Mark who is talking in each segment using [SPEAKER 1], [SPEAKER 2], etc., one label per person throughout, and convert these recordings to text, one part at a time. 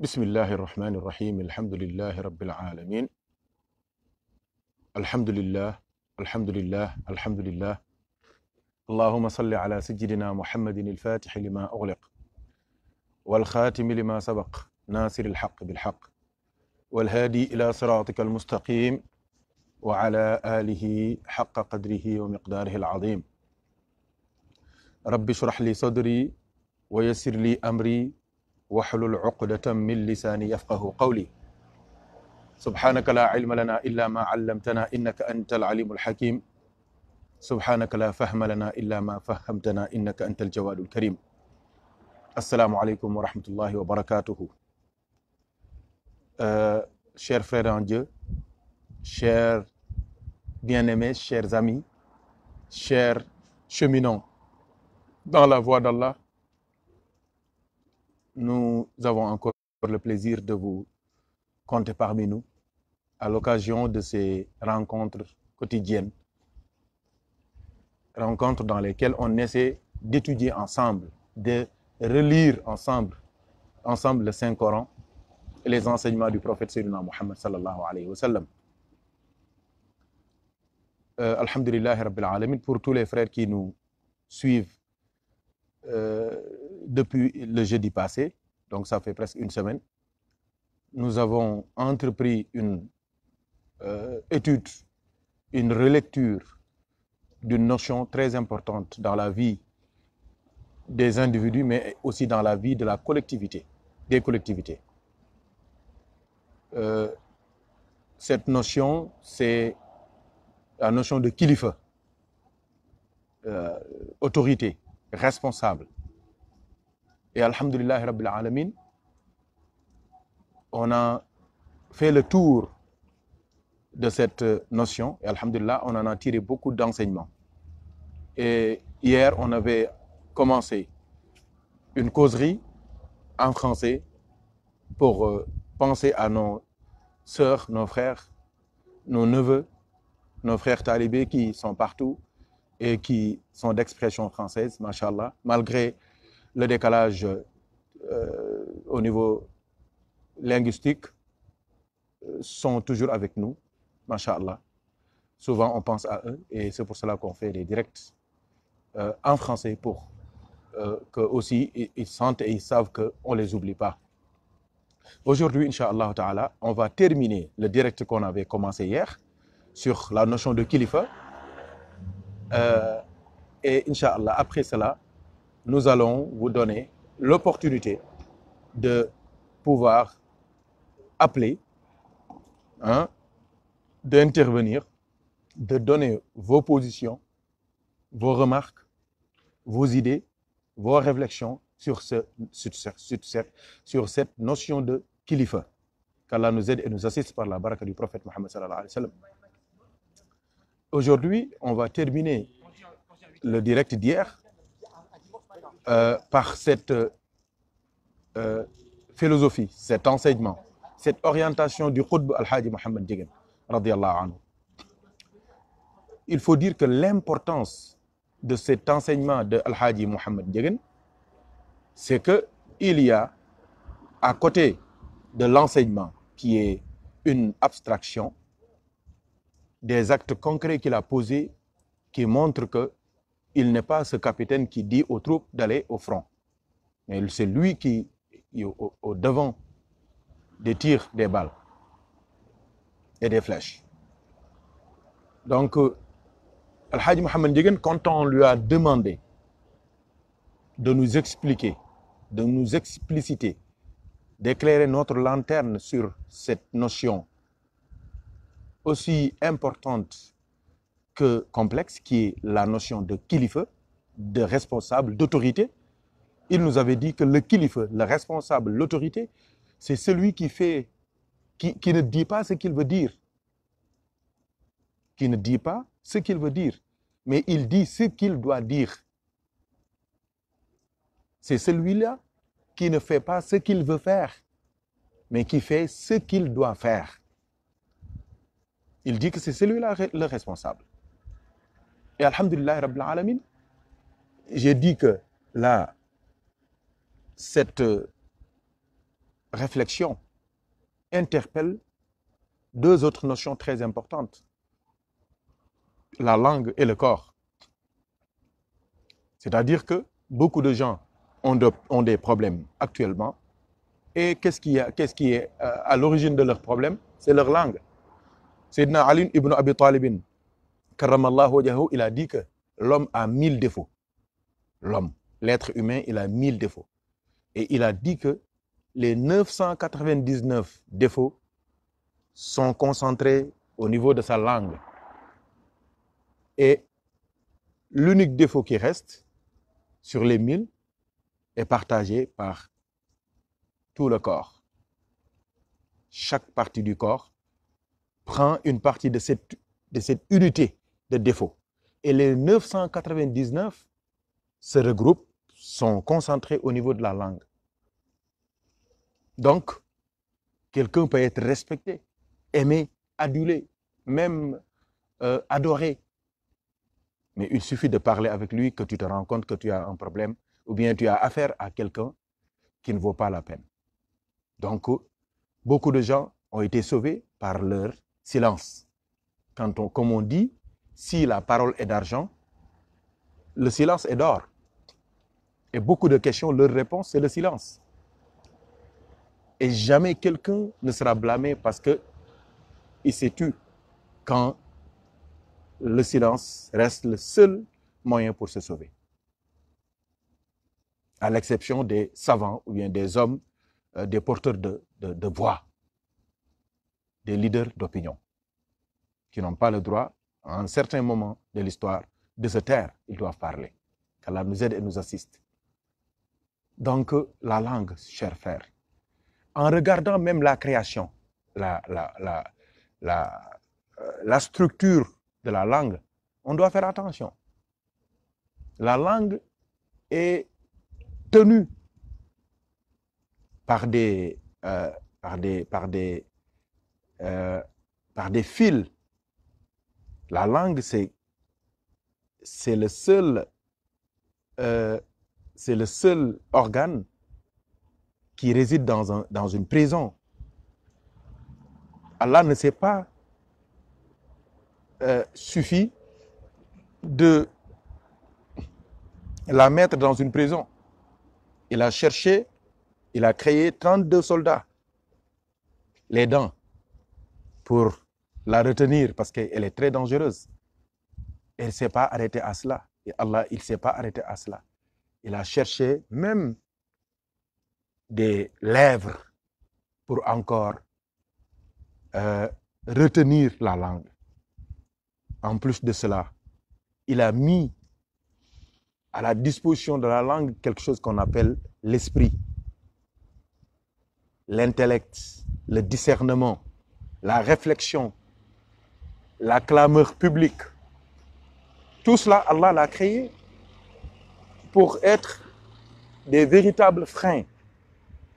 [SPEAKER 1] بسم الله الرحمن الرحيم الحمد لله رب العالمين الحمد لله الحمد لله الحمد لله اللهم صل على سيدنا محمد الفاتح لما أغلق والخاتم لما سبق ناصر الحق بالحق والهادي إلى صراطك المستقيم وعلى آله حق قدره ومقداره العظيم رب اشرح لي صدري ويسر لي أمري waxlul uqdatan min lisaani yafqahu qawli subhaanaka laa ilma lanaa illaa maa allamtanaa innaka anta al-aliimul hakiim subhaanaka laa fahma lanaa illaa maa fahamtanaa innaka anta al-jawaadul kariim assalaamu aleykum wa rahmatullahi wa barakaatuhu chers frères en Dieu chers bien-aimés chers amis chers cheminants dans la voie d'Allah Nous avons encore le plaisir de vous compter parmi nous à l'occasion de ces rencontres quotidiennes, rencontres dans lesquelles on essaie d'étudier ensemble, de relire ensemble, ensemble le Saint-Coran et les enseignements du prophète Sayyidina Muhammad sallallahu alayhi wa sallam. Euh, pour tous les frères qui nous suivent euh, depuis le jeudi passé, donc ça fait presque une semaine, nous avons entrepris une euh, étude, une relecture d'une notion très importante dans la vie des individus, mais aussi dans la vie de la collectivité, des collectivités. Euh, cette notion, c'est la notion de kilifa, euh, autorité, responsable, Et Alhamdulillah, Rabbil Alamin, on a fait le tour de cette notion. Et Alhamdulillah, on en a tiré beaucoup d'enseignements. hier, on avait commencé une causerie en français pour euh, penser à nos sœurs, nos frères, nos neveux, nos frères talibés qui sont partout et qui sont d'expression française, mashallah, malgré le décalage euh, au niveau linguistique euh, sont toujours avec nous, machallah. Souvent, on pense à eux et c'est pour cela qu'on fait des directs euh, en français pour euh, que aussi ils, ils sentent et ils savent qu'on ne les oublie pas. Aujourd'hui, Inch'Allah Ta'ala, on va terminer le direct qu'on avait commencé hier sur la notion de kilifa. Euh, et Inch'Allah, après cela, nous allons vous donner l'opportunité de pouvoir appeler, hein, d'intervenir, de donner vos positions, vos remarques, vos idées, vos réflexions sur, sur, sur, sur cette notion de kilifa. Qu'Allah nous aide et nous assiste par la baraka du prophète Mohammed sallallahu alayhi wa sallam. Aujourd'hui, on va terminer le direct d'hier euh, par cette euh, euh, philosophie, cet enseignement, cette orientation du Qutb al-Hadi Mohamed Degen, anhu. Il faut dire que l'importance de cet enseignement de al-Hadi Mohamed Degen, c'est qu'il y a, à côté de l'enseignement qui est une abstraction, des actes concrets qu'il a posés qui montrent il n'est pas ce capitaine qui dit aux troupes d'aller au front. Mais c'est lui qui est au, au devant des tirs des balles et des flèches. Donc, euh, Al-Hajj Mohamed Degen, quand on lui a demandé de nous expliquer, de nous expliciter, d'éclairer notre lanterne sur cette notion aussi importante que complexe qui est la notion de kilifa, de responsable, d'autorité. Il nous avait dit que le kilifa, le responsable, l'autorité, c'est celui qui fait, qui, qui ne dit pas ce qu'il Qui ne dit pas ce qu'il veut dire, mais il dit ce qu'il doit dire. C'est celui-là qui ne fait pas ce qu'il veut faire, mais qui fait ce qu'il doit faire. Il dit que c'est celui-là le responsable. Et Alhamdulillah, Rabbil Alamin, j'ai dit que là, cette euh, réflexion interpelle deux autres notions très importantes, la langue et le corps. C'est-à-dire que beaucoup de gens ont, de, ont des problèmes actuellement. Et qu'est-ce qui, qu qui, est euh, à l'origine de leurs problèmes C'est leur langue. Sayyidina Ali ibn Abi Talibin, Karamallahu wajhahu il a dit que l'homme a mille défauts. L'homme, l'être humain, il a mille défauts. Et il a dit que les 999 défauts sont concentrés au niveau de sa langue. Et l'unique défaut qui reste sur les mille est partagé par tout le corps. Chaque partie du corps prend une partie de cette, de cette unité de défauts. Et les 999 se regroupent, sont concentrés au niveau de la langue. Donc, quelqu'un peut être respecté, aimé, adulé, même euh, adoré. Mais il suffit de avec lui que tu un problème ou bien tu affaire à quelqu'un qui ne vaut de par leur silence. Quand on, si la parole est d'argent, le silence est d'or. Et beaucoup de questions, leur réponse, c'est le silence. Et jamais quelqu'un ne sera blâmé parce qu'il s'est tu quand le silence reste le seul moyen pour se sauver. À l'exception des savants ou bien des hommes, euh, des porteurs de, de, de voix, des leaders d'opinion, qui n'ont pas le droit à un certain moment de l'histoire, de se taire, ils doivent parler. Qu'Allah nous aide et nous assiste. Donc, la langue, cher frère, en regardant même la création, la, la, la, la, euh, la structure de la langue, on doit faire attention. La langue est tenue par des, euh, euh La langue, c'est, c'est le seul, euh, c'est le seul organe qui réside dans, un, dans une prison. Allah ne s'est pas euh, suffi de la mettre dans une prison. Il a cherché, il a créé 32 soldats, les dents, pour la retenir parce qu'elle est très dangereuse. Elle ne s'est pas arrêtée à cela. Et Allah, il ne s'est pas arrêté à cela. Il a cherché même des lèvres pour encore euh, retenir la langue. En plus de cela, il a mis à la disposition de la langue quelque chose qu'on appelle l'esprit, l'intellect, le discernement, la réflexion, la clameur publique. Tout cela, Allah l'a créé pour être des véritables freins,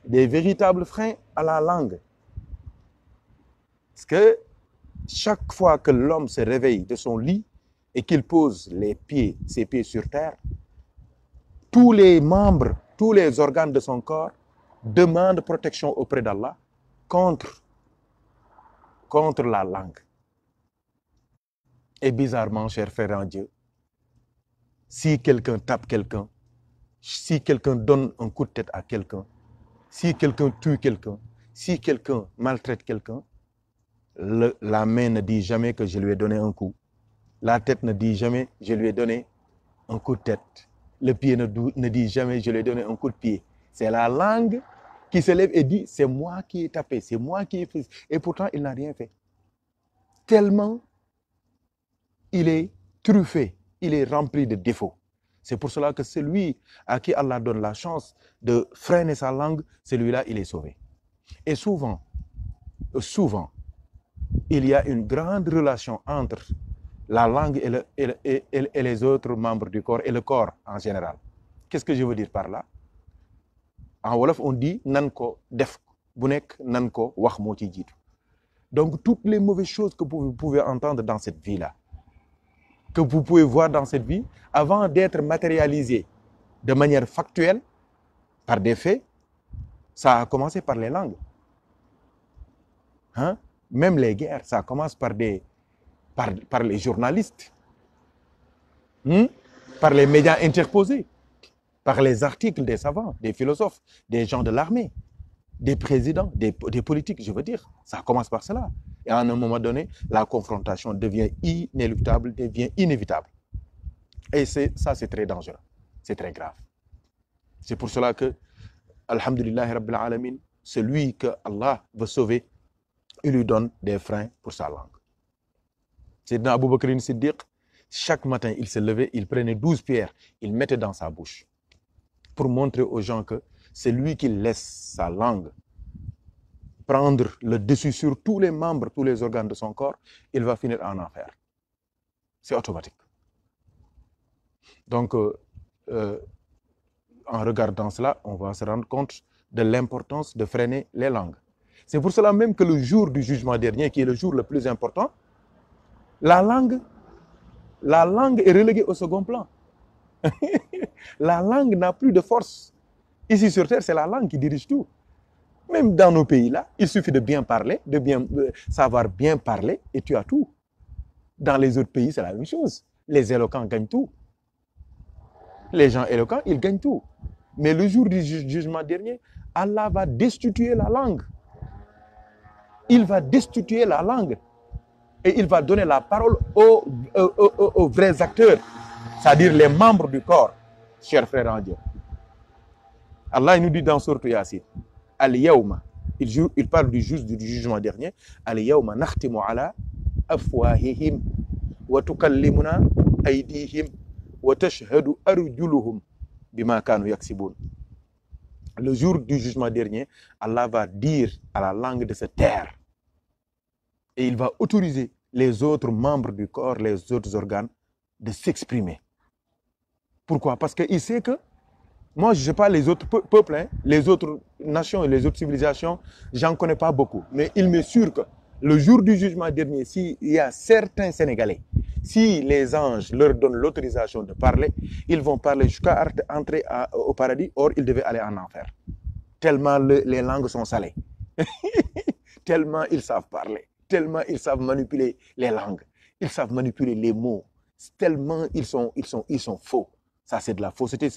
[SPEAKER 1] des véritables freins à la langue. Parce que chaque fois que l'homme se réveille de son lit et qu'il pose les pieds, ses pieds sur terre, tous les membres, tous les organes de son corps demandent protection auprès d'Allah contre, contre la langue. Et bizarrement, cher frère en Dieu, si quelqu'un tape quelqu'un, si quelqu'un donne un coup de tête à quelqu'un, si quelqu'un tue quelqu'un, si quelqu'un maltraite quelqu'un, la main ne dit jamais que je lui ai donné un coup. La tête ne dit jamais je lui ai de tête. Le pied ne, ne dit jamais je lui ai donné un coup de pied. C'est la langue qui se lève et dit c'est moi qui ai tapé, c'est moi qui ai fait. Et pourtant, il n'a rien fait. il est truffé, il est rempli de défauts. C'est pour cela que celui à qui Allah donne la chance de freiner sa langue, celui-là, il est sauvé. Et souvent, souvent, il y a une grande relation entre la langue et, le, et, le, et, les autres membres du corps et le corps en général. Qu'est-ce que je veux dire par là? En wolof, on dit nan ko def bu nekk nan ko wax moo ci jiitu. Donc toutes les mauvaises choses que vous pouvez entendre dans cette vie que vous pouvez voir dans cette vie, avant d'être matérialisé de manière factuelle, par des faits, ça a commencé par les langues. Hein? Même les guerres, ça commence par, des, par, par les journalistes, hmm? par les médias interposés, par les articles des savants, des philosophes, des gens de l'armée. des présidents, des, des, politiques, je veux dire. commence par cela. Et à un moment donné, la confrontation devient inéluctable, devient inévitable. Et ça, c'est très dangereux. C'est très grave. C'est pour cela que, Alhamdulillah, Rabbil Alamin, celui que Allah veut sauver, il lui donne des freins pour sa langue. C'est dans Abu Bakr Siddiq, chaque matin, il se levait, il prenait 12 pierres, il mettait dans sa bouche pour montrer aux gens celui qui laisse sa langue prendre le dessus sur tous les membres, tous les organes de son corps, il va finir en enfer. C'est automatique. Donc, euh, euh, en regardant cela, on va se rendre compte de l'importance de freiner les langues. C'est pour cela même que le jour du jugement dernier, qui est le jour le plus important, la langue, la langue est reléguée au second plan. la langue n'a plus de force. Ici sur Terre, c'est la langue qui dirige tout. Même dans nos pays-là, il suffit de bien parler, de bien de euh, savoir bien parler, et tu tout. Dans les autres pays, c'est la même chose. Les éloquents gagnent tout. Les gens éloquents, ils gagnent tout. Mais le jour du ju jugement dernier, Allah va destituer la langue. Il destituer la langue. Et il va donner la parole aux, vrais acteurs, c'est-à-dire les membres du corps, chers frères en Dieu. Allah il nous dit dans Sourate Yassine, Al Yawma, il, joue, il parle du juste du jugement dernier, Al Yawma nakhtimu ala afwahihim wa tukallimuna aydihim wa tashhadu arjuluhum bima kanu yaksibun. Le jour du jugement dernier, Allah va dire à la langue de cette terre et il va autoriser les autres membres du corps, les autres organes de s'exprimer. Pourquoi? Parce qu'il sait que Moi, je ne sais pas les autres peuples, les autres nations et les autres civilisations, j'en connais pas beaucoup. Mais il m'est sûr que le jour du jugement dernier, s'il y a certains Sénégalais, si les anges leur donnent l'autorisation de parler, ils vont parler jusqu'à entrer à, au paradis, or ils devaient aller en enfer. Tellement le, les langues sont salées. tellement ils savent parler, tellement ils savent manipuler les langues, ils savent manipuler les mots, tellement ils sont, ils sont, ils sont faux. Ça, c'est de la fausseté,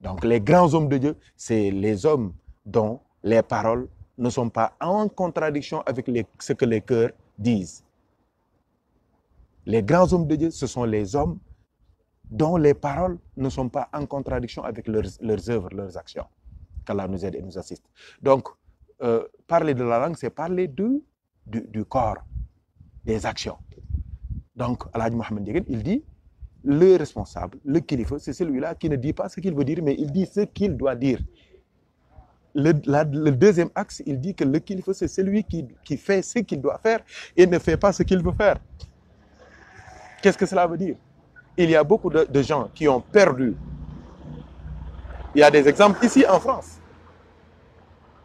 [SPEAKER 1] Donc les grands hommes de Dieu, c'est les hommes dont les paroles ne sont pas en contradiction avec les, ce que les cœurs disent. Les grands hommes de Dieu, ce sont les hommes dont les paroles ne sont pas en contradiction avec leurs, leurs œuvres, leurs actions. Qu'Allah nous assiste. Donc, euh, parler de la langue, c'est parler du, du, du, corps, des actions. Donc, Allah Muhammad il dit le responsable, le kilifa, c'est celui-là qui ne dit pas ce qu'il veut dire, mais il dit ce qu'il doit dire. Le, la, le, deuxième axe, il dit que le kilifa, c'est celui qui, qui fait ce qu'il doit faire et ne fait pas ce qu'il veut faire. Qu'est-ce que cela veut dire Il y a beaucoup de, de gens qui ont perdu. Il y a des exemples ici en France.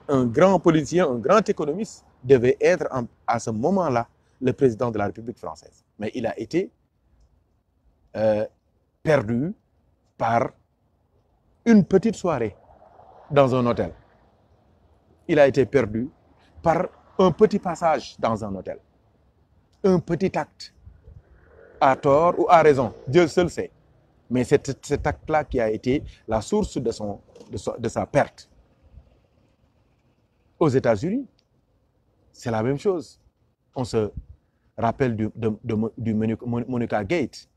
[SPEAKER 1] Un grand politicien, un grand économiste devait être en, à ce moment-là le président de la République française. Mais il a été euh, perdu par une petite soirée dans un hôtel. Il a été perdu par un petit passage dans un hôtel. Un petit acte, à tort ou à raison, Dieu seul sait. Mais c'est là qui a été la source de, son, de, so, de sa perte. Aux États-Unis, c'est la même chose. On se rappelle du, de, de, du Monica Gate,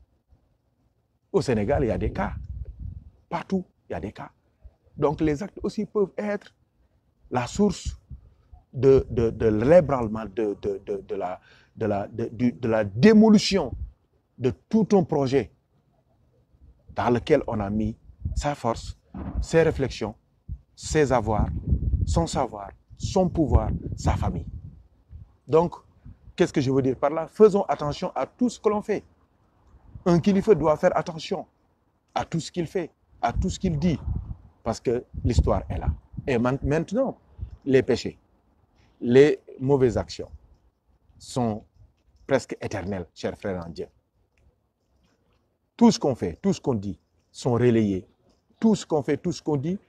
[SPEAKER 1] Au Sénégal, il y a des cas. Partout, il y a des cas. Donc les actes aussi peuvent être la source de, de, de l'ébranlement, de, de, la, de, la, de la démolition de tout un projet dans lequel on a mis sa force, ses réflexions, ses avoirs, son savoir, son pouvoir, sa famille. Donc, qu'est-ce que je veux dire par là Faisons attention à tout ce que l'on fait. Un kilifa doit faire attention à tout ce qu'il fait, à tout ce qu'il dit, parce que l'histoire est là. Et maintenant, les péchés, les mauvaises actions sont presque éternelles, cher frères en Dieu. Tout ce qu'on fait, tout ce qu'on dit sont relayés. Tout ce qu'on fait, tout ce qu'on dit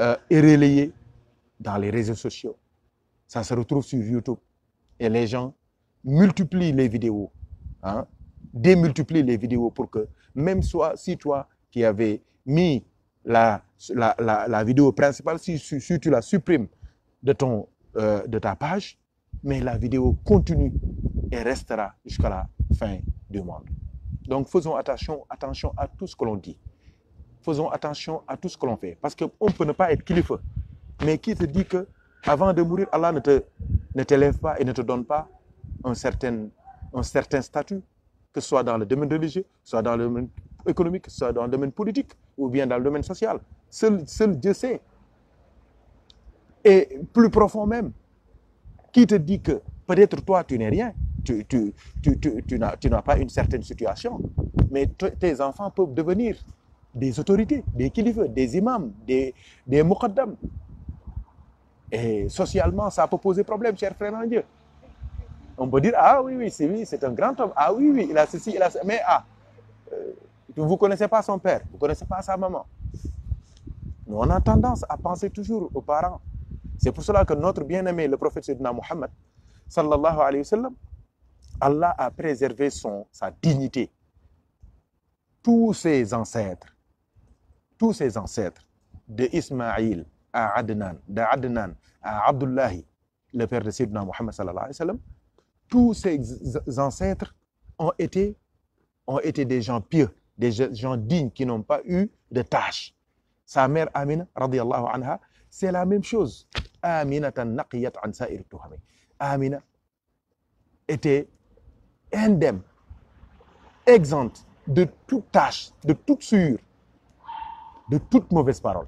[SPEAKER 1] euh, est relayé dans les réseaux sociaux. Ça se retrouve sur YouTube. Et les gens multiplient les vidéos. démultiplie les vidéos pour que même soit, si toi qui avais mis la, la, la, la vidéo principale, si, si, la supprimes de, ton, euh, de ta page, mais la vidéo continue et restera jusqu'à la fin du monde. Donc faisons attention, à tout ce que l'on dit. Faisons attention à tout ce que l'on fait. Parce qu'on peut ne pas être kilife. Mais qui te dit que avant de mourir, Allah ne te ne t'élève pas et ne te donne pas un certain statut que ce soit dans le domaine religieux, soit dans le domaine économique, soit dans le domaine politique, ou bien dans le domaine social. Seul, seul Dieu sait. Et plus profond même, qui te dit que peut-être toi, tu n'es rien, tu, tu, tu, tu n'as pas une certaine situation, mais tes enfants peuvent devenir des autorités, des kilifes, des imams, des, des muqaddam. Et socialement, ça peut poser problème, cher frère en Dieu. on peut dire, ah oui, oui, c'est oui, un grand homme. Ah oui, oui, il a ceci, il a ceci. Mais ah, euh, vous ne connaissez pas son père, vous ne connaissez pas sa maman. Nous, on a tendance à penser toujours aux parents. C'est pour cela que notre bien-aimé, le prophète Sayyidina Muhammad, sallallahu alayhi wa sallam, Allah a préservé son, sa dignité. Tous ses ancêtres, tous ses ancêtres, de Ismaïl à Adnan, de Adnan à Abdullahi, le père de Sayyidina Muhammad sallallahu alayhi wa sallam, tous ses ancêtres ont été, ont été des gens pieux, des gens dignes qui n'ont pas eu de tâches. Sa mère Amina, radiallahu anha, c'est la même chose. Amina naqiyat an Amina était indemne, exempte de toute tâche, de toute sûre, de toute mauvaise parole.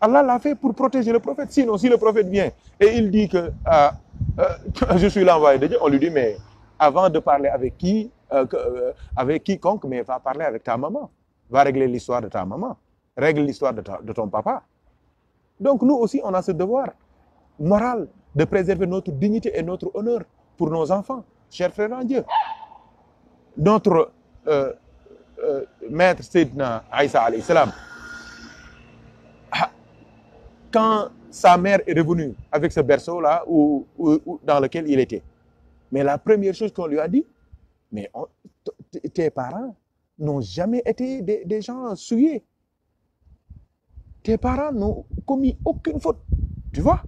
[SPEAKER 1] Allah l'a fait pour protéger le prophète. Sinon, si le prophète vient et il dit que euh, euh, je suis l'envoyé de Dieu, on lui dit, mais avant de parler avec qui, euh, euh, avec quiconque, mais va parler avec ta maman. Va régler l'histoire de ta maman. Règle l'histoire de, de, ton papa. Donc nous aussi, on a ce devoir moral de préserver notre dignité et notre honneur pour nos enfants, chers frères en Dieu. Notre euh, euh, maître Sidna Aïssa alayhi salam, quand sa mère est revenue avec ce berceau-là ou, ou, ou, dans lequel il était. Mais la première chose qu'on lui a dit, mais on, tes parents n'ont jamais été des, des gens souillés. Tes parents n'ont commis aucune faute. Tu vois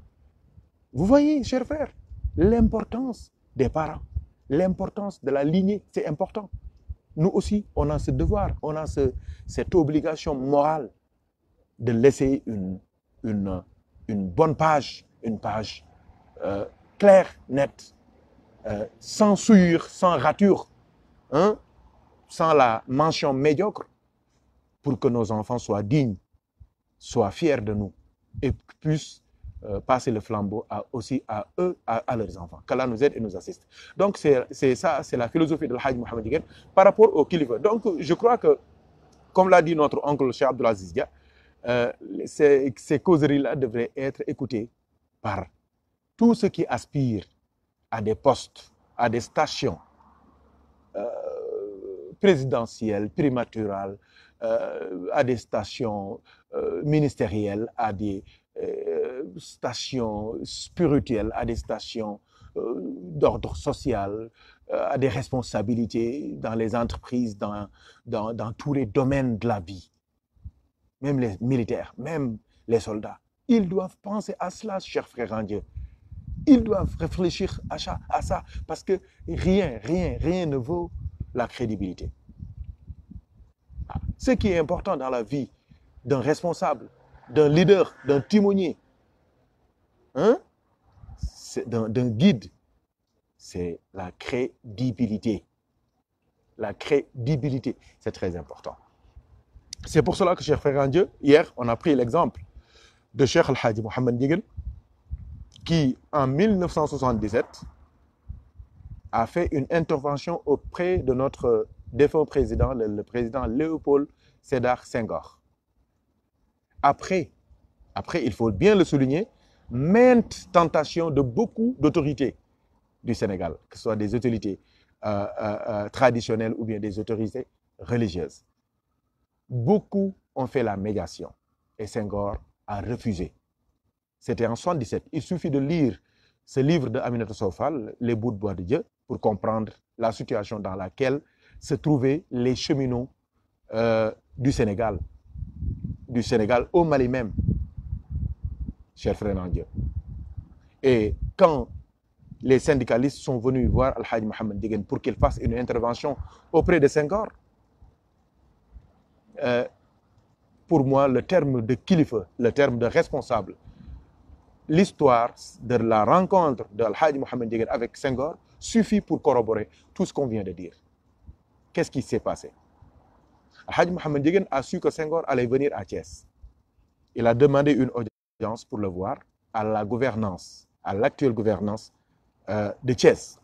[SPEAKER 1] Vous voyez, cher frère, l'importance des parents, l'importance de la lignée, c'est important. Nous aussi, on a ce devoir, on a ce, cette obligation morale de laisser une une, une bonne page, une page euh, claire, nette, euh, sans souillure, sans rature, hein, sans la mention médiocre, pour que nos enfants soient dignes, soient fiers de nous et puissent euh, passer le flambeau à, aussi à eux, à, à leurs enfants. Qu'Allah nous aide et nous assiste. Donc, c'est ça, c'est la philosophie de l'Hajj Mohamed par rapport au kilifa. Donc, je crois que, comme l'a dit notre oncle Cheikh Abdelaziz Dia, euh, ces, ces causeries-là devraient être écoutées par tous ceux qui aspirent à des postes, à des stations euh, présidentielles, primaturales, euh, à des stations euh, ministérielles, à des euh, stations spirituelles, à des stations euh, d'ordre social, à des responsabilités dans les entreprises, dans, dans, dans tous les domaines de la vie. même les militaires, même les soldats, ils doivent penser à cela, chers frères en Dieu. Ils doivent réfléchir à ça, à ça, parce que rien, rien, rien ne vaut la crédibilité. Ah, ce qui est important dans la vie d'un responsable, d'un leader, d'un timonier, hein, d'un guide, c'est la crédibilité. La crédibilité, c'est très important. C'est pour cela que Cheikh Frère Dieu, hier, on a pris l'exemple de Cheikh Al-Hadi Mohamed Ndigal, qui, en 1977, a fait une intervention auprès de notre défunt président, le, le président Léopold Sédar Senghor. Après, après, il faut bien le souligner, maintes tentations de beaucoup d'autorités du Sénégal, que ce soit des autorités euh, euh, euh traditionnelles ou bien des autorités religieuses. Beaucoup ont fait la médiation et Senghor a refusé. C'était en 77. Il suffit de lire ce livre de Aminata Sofal, Les bouts de bois de pour comprendre la situation dans laquelle se trouvaient les cheminots euh, Sénégal, du Sénégal au Mali même, cher frère Dieu. Et quand les syndicalistes sont venus voir Al-Hajj Mohamed Degen pour qu'il intervention auprès de Senghor, euh, pour moi, le terme de kilifa, le terme de responsable, l'histoire de la rencontre de Al-Hajj Mohamed Dieguène avec Senghor suffit pour corroborer tout ce qu'on vient de dire. Qu'est-ce qui s'est passé? Al-Hajj Mohamed Dieguène a su que Senghor allait venir à Thiès. Il a demandé une audience pour le voir à la gouvernance, à l'actuelle gouvernance euh, de Thiès.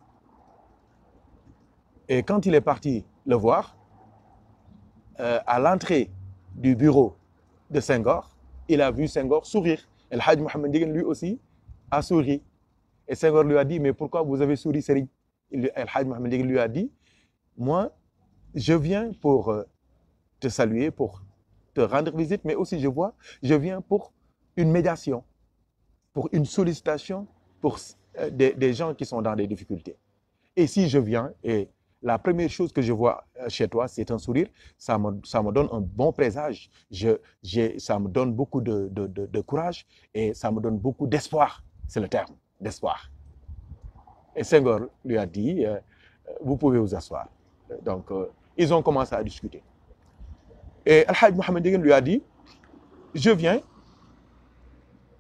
[SPEAKER 1] Et quand il est parti le voir, euh, à l'entrée du bureau de Senghor, il a vu Senghor sourire. El Hadj Mohamed Ndiéguène lui aussi a souri. Et Senghor lui a dit, mais pourquoi vous avez souri, Serigne? El Hadj Mohamed Ndiéguène lui a dit, moi, je viens pour euh, te saluer, pour te rendre visite, mais aussi je vois, je viens pour une médiation, pour une sollicitation pour euh, des, des gens qui sont dans des difficultés. Et si je viens et la première chose que je vois euh, chez toi, c'est un sourire. Ça me, ça me donne un bon présage. Je, ça me donne beaucoup de, de, de, de courage et ça me donne beaucoup d'espoir. C'est le terme, d'espoir. Et Senghor lui a dit, euh, euh vous pouvez vous asseoir. Donc, euh, ils ont commencé à discuter. Et Al-Hajj Mohamed lui a dit, je viens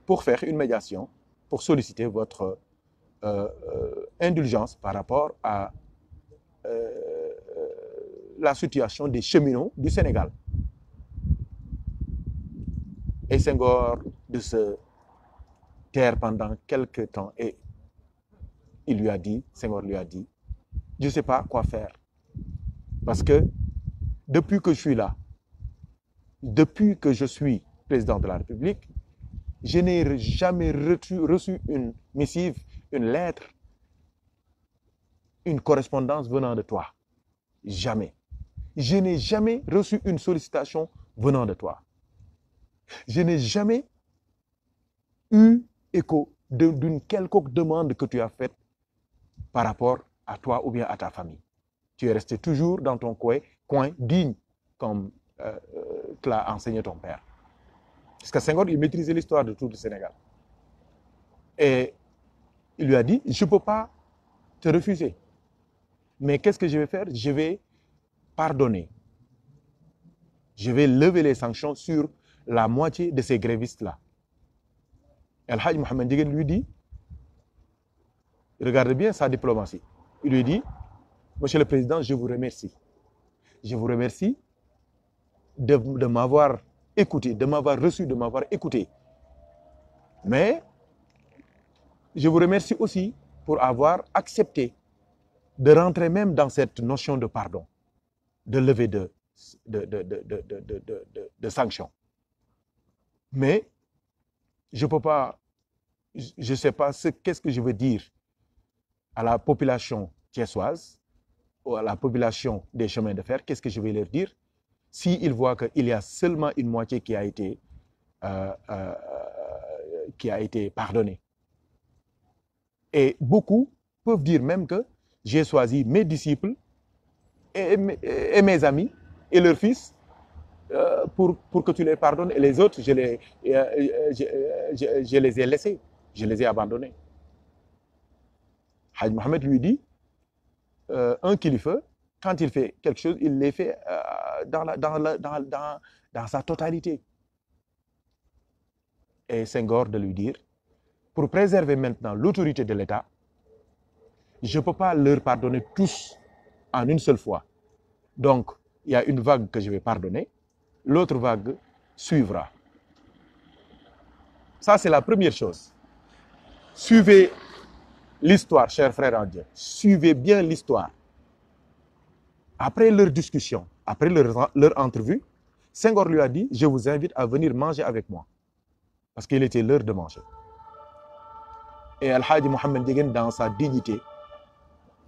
[SPEAKER 1] pour faire une médiation, pour solliciter votre euh, euh indulgence par rapport à Euh, euh, la situation des cheminots du Sénégal. Et Senghor de se taire pendant quelque temps et il lui a dit, Senghor lui a dit, je ne sais pas quoi faire. Parce que depuis que je suis là, depuis que je suis président de la République, je n'ai jamais reçu, reçu une missive, une lettre une correspondance venant de toi. Jamais. Je n'ai jamais reçu une sollicitation venant de toi. Je n'ai jamais eu écho d'une quelconque demande que tu as faite par rapport à toi ou bien à ta famille. Tu es resté toujours dans ton coin, coin digne, comme euh, euh te l'a enseigné ton père. Parce qu'à Senghor, il maîtrisait l'histoire de tout le Sénégal. Et il lui a dit, je ne peux pas te refuser. Mais qu'est-ce que je vais faire Je vais pardonner. Je vais lever les sanctions sur la moitié de ces grévistes-là. El Hajj Mohamed Djiguen lui dit, regarde bien sa diplomatie. Il lui dit, Monsieur le Président, je vous remercie. Je vous remercie de, de m'avoir écouté, de m'avoir reçu, de m'avoir écouté. Mais je vous remercie aussi pour avoir accepté de rentrer même dans cette notion de pardon, de levée de, de, de, de, de sanctions. Mais je ne peux pas, je ne sais pas ce que je veux dire à la population tiessoise ou à la population des chemins de fer, qu'est-ce que je vais leur dire s'ils si voient qu'il y a seulement une moitié qui a été, euh, euh pardonnée. Et beaucoup peuvent dire même que j'ai choisi mes disciples et, et, et, mes amis et leurs fils euh, pour, pour que tu les pardonnes. Et les autres, je les, euh, euh je, euh, je, je les ai laissés, je les ai abandonnés. Haj Mohamed lui dit, euh, un kilife, quand il fait quelque chose, il les fait dans, la, dans, la, dans, dans, dans sa totalité. Et Senghor de lui dire, pour préserver maintenant l'autorité de l'État, je ne peux pas leur pardonner tous en une seule fois. Donc, il y a une vague que je vais pardonner, l'autre vague suivra. Ça, c'est la première chose. Suivez l'histoire, chers frères en Dieu. Suivez bien l'histoire. Après leur discussion, après leur, leur entrevue, Senghor lui a dit, je vous invite à venir manger avec moi. Parce qu'il était l'heure de manger. Et Al-Hadi Mohamed Degen, dans sa dignité,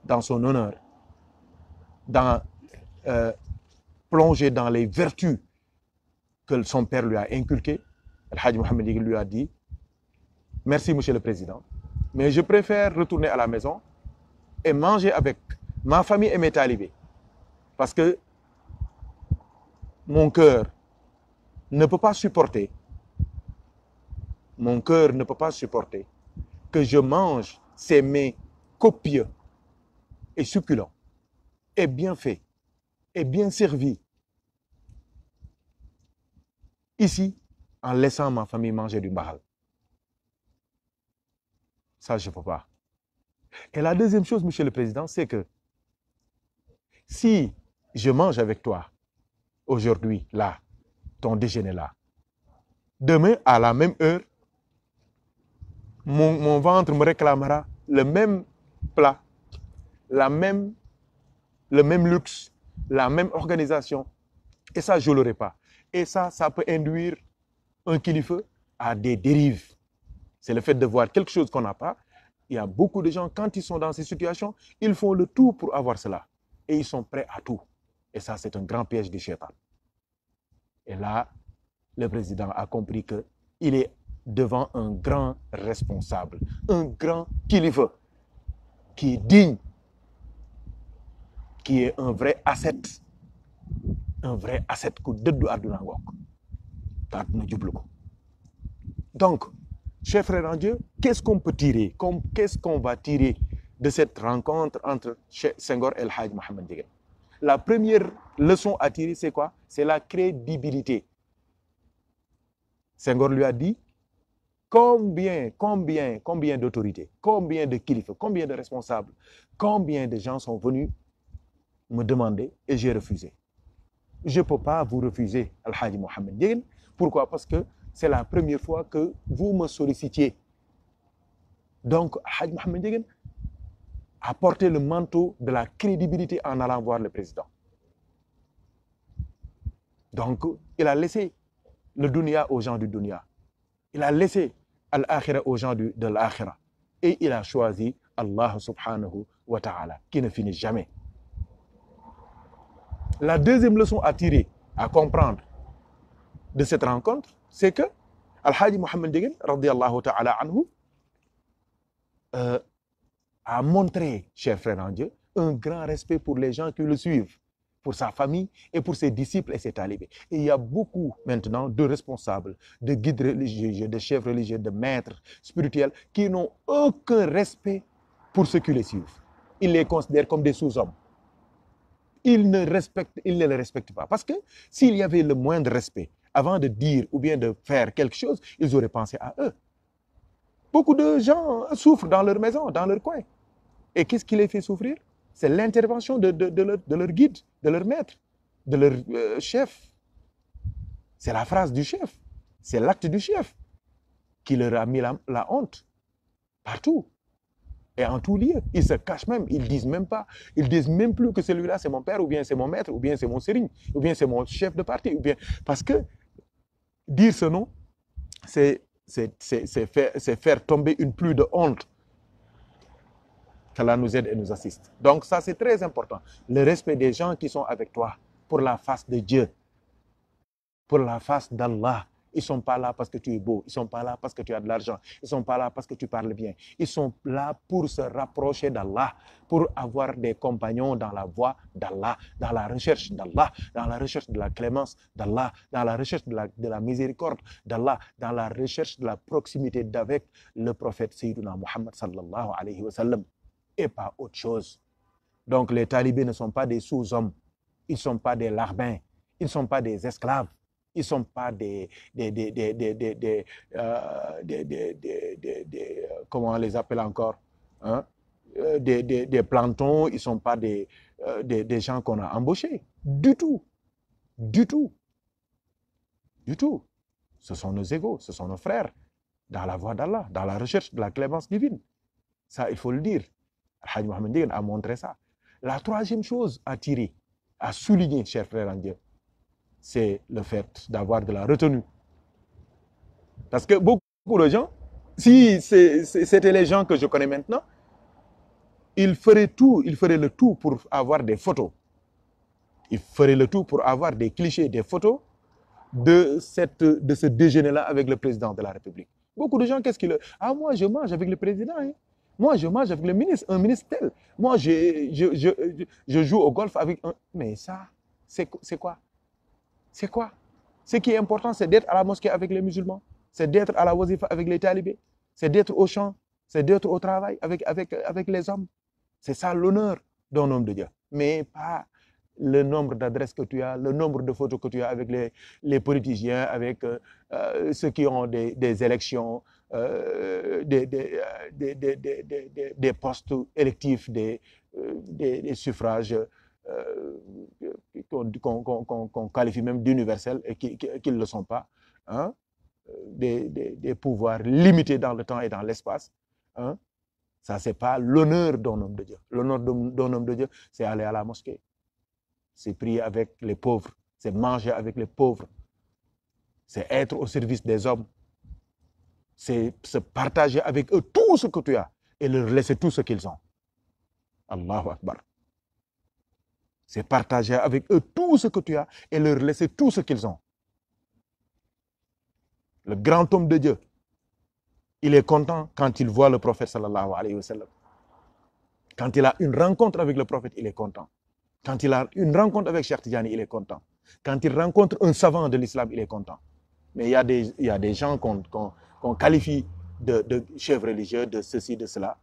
[SPEAKER 1] dans son honneur, dans, euh, plongé dans les vertus que son père lui a inculquées. Al-Hajj Mohamed lui a dit Merci, monsieur le président, mais je préfère retourner à la maison et manger avec ma famille et mes talibés. Parce que mon cœur ne peut pas supporter, mon cœur ne que je mange ces mets copieux est succulent, est bien fait, est bien servi. Ici, en laissant ma famille manger du mahal. Ça, je ne peux pas. Et la deuxième chose, Monsieur le Président, c'est que si je mange avec toi aujourd'hui, là, ton déjeuner là, demain, à la même heure, mon, mon ventre me réclamera le même la même, le même luxe, la même organisation. Et ça, je ne l'aurai pas. Et ça, ça peut induire un kilifa à des dérives. C'est le fait de voir quelque chose qu'on n'a pas. Il y a beaucoup de gens, quand ils sont dans ces situations, ils font le tout pour avoir cela. Et ils sont prêts à tout. Et ça, c'est un grand piège du chétan. Et là, le président a compris qu'il est devant un grand responsable, un grand kilifa qui est digne qui est un vrai asset un vrai asset ku dëddu àdduna ngoog te àdduna jublu ko donc chers frères en Dieu qu'est-ce qu'on peut tirer comme qu'est-ce qu'on va tirer de cette rencontre entre Cheikh Senghor El Hadj Mohamed Ndiéguène la première leçon à tirer c'est quoi c'est la crédibilité Senghor lui a dit combien d'autorités combien de kilifa combien de responsables combien de gens sont venus me demander et j'ai refusé. Je ne peux pas vous refuser, Al-Hajj Mohamed Dien. Pourquoi Parce que c'est la première fois que vous me sollicitiez. Donc, Al-Hajj Mohamed Dien a porté le manteau de la crédibilité en allant voir le président. Donc, il a laissé le dunya aux gens du dunya. Il a laissé Al-Akhira aux gens du, de l'Akhira. Et il a choisi Allah subhanahu wa ta'ala, qui ne finit jamais. La deuxième leçon à tirer, à comprendre de cette rencontre, c'est que Al-Hajj Mohamed Degen, radiallahu ta'ala anhu, euh, a montré, chers frères en Dieu, un grand respect pour les gens qui le suivent, pour sa famille et pour ses disciples et ses talibés. il y a beaucoup maintenant de responsables, de guides religieux, de chefs religieux, de maîtres spirituels qui n'ont aucun respect pour ceux qui les suivent. Ils les considèrent comme des sous-hommes. il ne respecte, il ne le respecte pas. Parce que s'il y avait le moindre respect, avant de dire ou bien de faire quelque chose, ils auraient pensé à eux. Beaucoup de gens souffrent dans leur maison, dans leur coin. Et qu'est-ce qui les fait souffrir C'est l'intervention de, de, de, leur, de, leur, guide, de leur maître, de leur euh, chef. C'est la phrase du chef, c'est l'acte du chef qui leur a mis la, la honte partout. et en tout lieu. Ils se cachent même, ils disent même pas. Ils disent même plus que celui-là, c'est mon père, ou bien c'est mon maître, ou bien c'est mon sérigne, ou bien c'est mon chef de parti, ou bien... Parce que dire ce nom, c'est faire, faire tomber une pluie de honte. Qu'Allah nous aide et nous assiste. Donc ça, c'est très important. Le respect des gens qui sont avec toi pour la face de Dieu, pour la face d'Allah. Ils sont pas là parce que tu es beau. Ils sont pas là parce que tu as de l'argent. Ils sont pas là parce que tu parles bien. Ils sont là pour se rapprocher d'Allah, pour avoir des compagnons dans la voie d'Allah, dans la recherche d'Allah, dans la recherche de la clémence d'Allah, dans la recherche de la, de la miséricorde d'Allah, dans la recherche de la proximité d'avec le prophète Sayyidina Muhammad sallallahu alayhi wa sallam et pas autre chose. Donc les talibés ne sont pas des sous-hommes, Ils ne sont pas des, des, des, des, des, des, euh, des, des comment on les appelle encore, des, des, plantons, ils ne sont pas des, des, gens qu'on a embauchés. Du tout. Du tout. Du tout. Ce sont nos égaux, ce sont nos frères, dans la voie d'Allah, dans la recherche de la clémence divine. Ça, il faut le dire. Al-Hajj Mohamed a montré ça. La troisième chose à tirer, à souligner, chers frères en Dieu, c'est le fait d'avoir de la retenue. Parce que beaucoup de gens, si c'était les gens que je connais maintenant, il feraient tout, il feraient le tout pour avoir des photos. il feraient le tout pour avoir des clichés, des photos de, cette, de ce déjeuner-là avec le président de la République. Beaucoup de gens, qu'est-ce qu'ils... Ah, moi, je mange avec le président. Hein. Moi, je mange avec le ministre, un ministre tel. Moi, je joue au golf avec un... Mais ça, c'est quoi c'est quoi Ce qui est important, c'est d'être à la mosquée avec les musulmans, c'est d'être à la wazifa avec les talibés, c'est d'être au champ, c'est d'être au travail avec, avec, avec les hommes. C'est ça l'honneur d'un homme de Dieu. Mais pas le nombre d'adresses que tu as, le nombre de photos que tu as avec les, les politiciens, avec euh, euh ceux qui ont des, des élections, euh, euh, des, des, des, postes électifs, des, euh, des suffrages. Euh, qu'on qu qualifie même d'universels et qui ne le sont pas, des, des, des, pouvoirs limités dans le temps et dans l'espace. Hein, ça, ce n'est pas l'honneur d'un homme de Dieu. c'est aller à la mosquée, c'est prier avec les pauvres, c'est manger avec les pauvres, c'est être au service des hommes, c'est se partager avec eux tout ce que tu as et leur laisser tout ce qu'ils ont. C'est partager avec eux tout ce que tu as et leur laisser tout ce qu'ils ont. Le grand homme de Dieu, il est content quand il voit le prophète sallallahu alayhi wa sallam. Quand il a avec le prophète, il est content. Quand il a une rencontre avec Cheikh Tidjani, il est content. Quand il rencontre un savant de l'islam, il est content. Mais il y a des, il gens qu'on qualifie de, de chefs religieux, de ceci, de cela.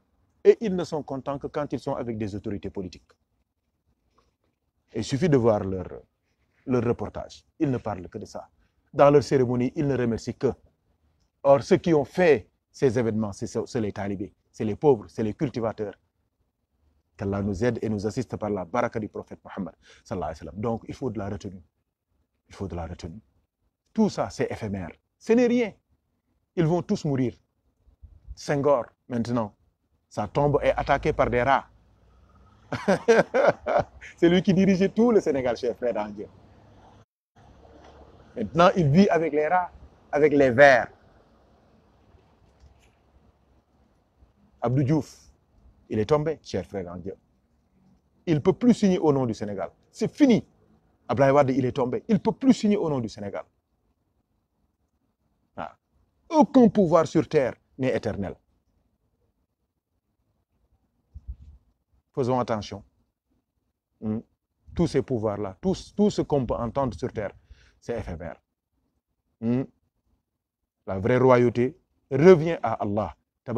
[SPEAKER 1] Et ils ne sont contents que quand ils sont avec des autorités politiques. Et il suffit de voir leur, leur reportage. Ils ne parlent que de ça. Dans leur cérémonie, ils ne remercient que. Or, ceux qui ont fait ces événements, c'est les talibés, c'est les pauvres, c'est les cultivateurs. Qu'Allah nous aide et nous assiste par la baraka du prophète Mohammed. Donc, il faut de la retenue. Il faut de la retenue. Tout ça, c'est éphémère. Ce n'est rien. Ils vont tous mourir. Senghor, maintenant, sa tombe est attaquée par des rats. c'est lui qui dirigeait tout le Sénégal, cher frère en Maintenant, il vit avec les rats, avec les vers. Abdou il est tombé, cher frère en Il peut plus signer au nom du Sénégal. C'est fini. il est tombé. Il ne peut plus signer au nom du Sénégal. Ah. Aucun pouvoir sur terre n'est éternel. faisons attention. Mm. Tous ces pouvoirs-là, tout, tout, ce qu'on peut entendre sur Terre, c'est éphémère. Mm. La vraie royauté revient à Allah. Donc,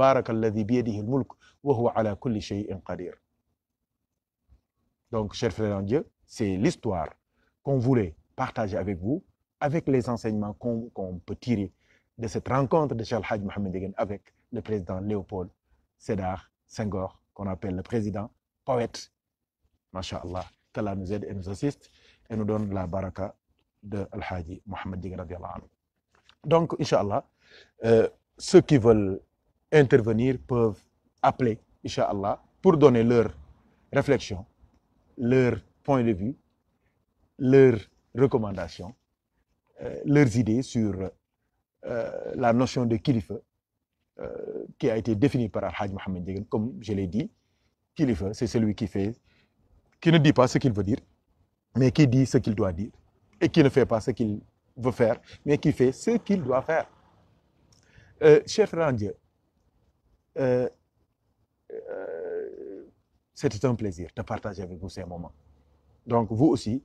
[SPEAKER 1] chers frères en Dieu, c'est l'histoire qu'on voulait partager avec vous, avec les enseignements qu'on qu peut tirer de cette rencontre de Cheikh Hajj Mohamed avec le président Léopold Sédar Senghor, qu'on appelle le président poète macha allah cela nous aide et nous assiste et nous donne la baraka de Alhaji Mohamed Dieng radiallahu anhu donc incha allah euh, ceux qui veulent intervenir peuvent appeler incha allah pour donner leur réflexion leur point de vue leurs recommandations euh, leurs idées sur euh, la notion de kilifa euh, qui a été définie par Alhaji Mohamed Dieng comme je l'ai dit kilifa c'est celui qui fait qui ne dit pas ce qu'il veut dire mais qui dit ce qu'il doit dire et qui ne fait pas ce qu'il veut faire mais qui fait ce qu'il doit faire euh, cher Randier euh, euh, c'était un plaisir de partager avec vous ces moments donc vous aussi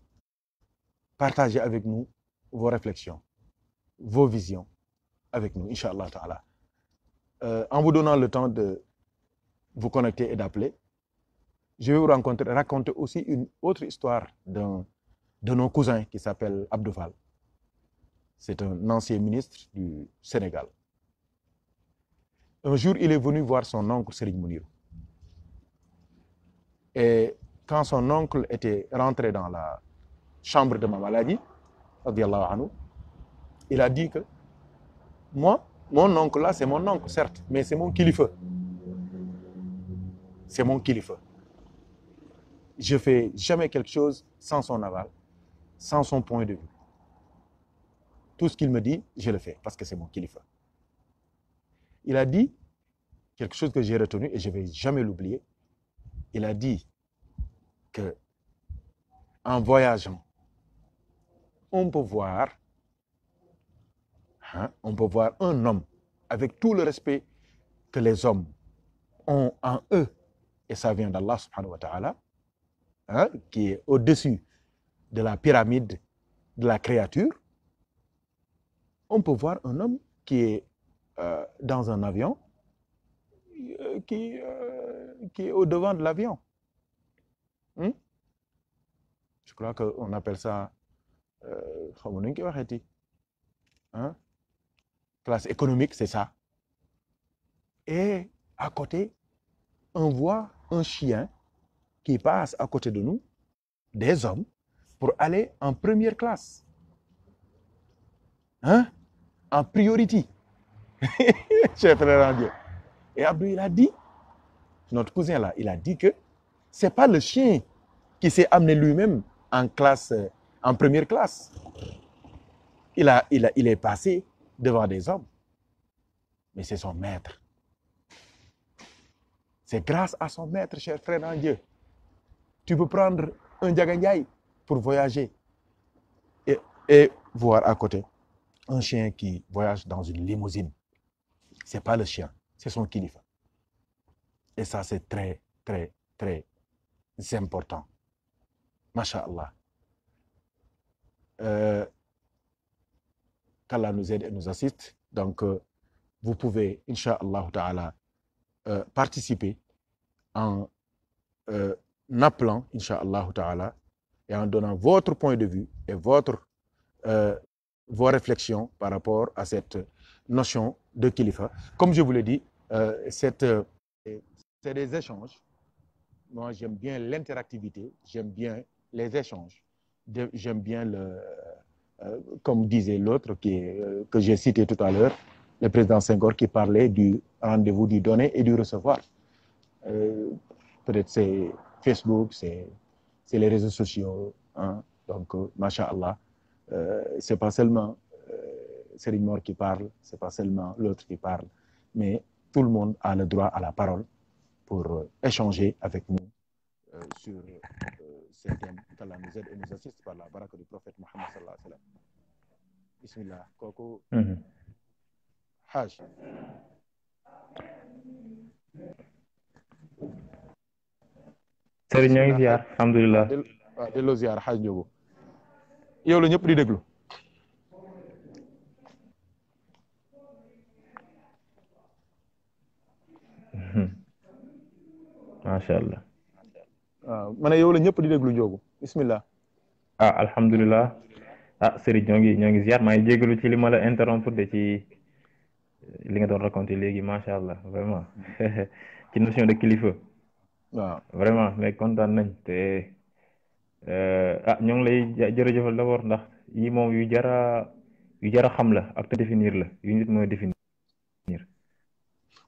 [SPEAKER 1] partagez avec nous vos réflexions vos visions avec nous incha allah taala euh, en vous donnant le temps de vous connecter et d'appeler je vais vous raconter aussi une autre histoire d'un de nos cousins qui s'appelle Abdouval. C'est un ancien ministre du Sénégal. Un jour, il est venu voir son oncle Serigne Mounirou. Et quand son oncle était rentré dans la chambre de Mamaladi, il a dit que mon oncle là, c'est mon oncle, certes, mais c'est mon kilifa. C'est mon kilifa. je fais jamais quelque chose sans son aval, sans son point de vue. Tout ce qu'il me dit, je le fais parce que c'est mon kilifa. Il a dit quelque chose que j'ai retenu et je ne vais jamais l'oublier. Il a dit que en voyageant, on peut voir, hein, on peut voir un homme avec tout le respect que les hommes ont en eux et ça vient d'Allah subhanahu wa ta'ala hein, qui est au-dessus de la pyramide de la créature, on peut voir un homme qui est euh, dans un avion, euh, qui, euh, qui est au-devant de l'avion. Hmm? Je crois qu'on appelle ça, euh, hein? classe économique, c'est ça. Et à côté, on voit un chien qui passent à côté de nous, des hommes, pour aller en première classe. Hein? En priorité. Cher frère en Dieu. Et Abdou, il a dit, notre cousin là, il a dit que ce n'est pas le chien qui s'est amené lui-même en classe, euh, en première classe. Il, a, il, a, il est passé devant des hommes. Mais c'est son maître. C'est grâce à son maître, cher frère en Dieu, Tu peux prendre un Ndiagandiaï pour voyager et, et voir à côté un chien qui voyage dans une limousine. Ce n'est pas le chien, c'est son kilifa. Et ça, c'est très, très, très important. Masha'Allah. Euh, qu'Allah nous aide et nous assiste. Donc, euh, vous pouvez, Inch'Allah ta'ala, euh, participer en euh, appelant, Inch'Allah Ta'ala, et en donnant votre point de vue et votre, euh, vos réflexions par rapport à cette notion de kilifa. Comme je vous l'ai dit, euh, euh c'est euh, des échanges. Moi, j'aime bien l'interactivité, j'aime bien les échanges, j'aime bien, le, euh, comme disait l'autre euh, que j'ai cité tout à l'heure, le président Senghor qui parlait du rendez-vous du donner et du recevoir. Peut-être c'est Facebook, c'est les réseaux sociaux. Donc, euh, Masha'Allah, euh, c'est pas seulement euh, Mor qui parle, c'est pas seulement l'autre qui parle, mais tout le monde a droit à la parole pour euh, échanger avec nous euh, sur euh, ces thèmes qu'Allah nous aide et nous par la baraka du prophète Mohammed Bismillah. Koko. Mhm. Hajj.
[SPEAKER 2] sëriñ ñoo ngi ziar alhamdulilah
[SPEAKER 1] waaw delloo ziar yow la ñëpp di déglu
[SPEAKER 2] macha allah
[SPEAKER 1] waaw yow la ñëpp di déglu jógu bismillah
[SPEAKER 2] ah alhamdulillah ah sëriñ ñoo ngi ñoo ngi ziar maa ci li ma la interrompre de ci li nga doon raconté léegi macha allah vraiment ci notion de kilifa waaw vraiment mais kontaan nañ te euh, ah ñoo ngi lay jërëjëfal d'abord ndax yi moom yu jara yu jara xam la ak te définir la yu nit mooy définir.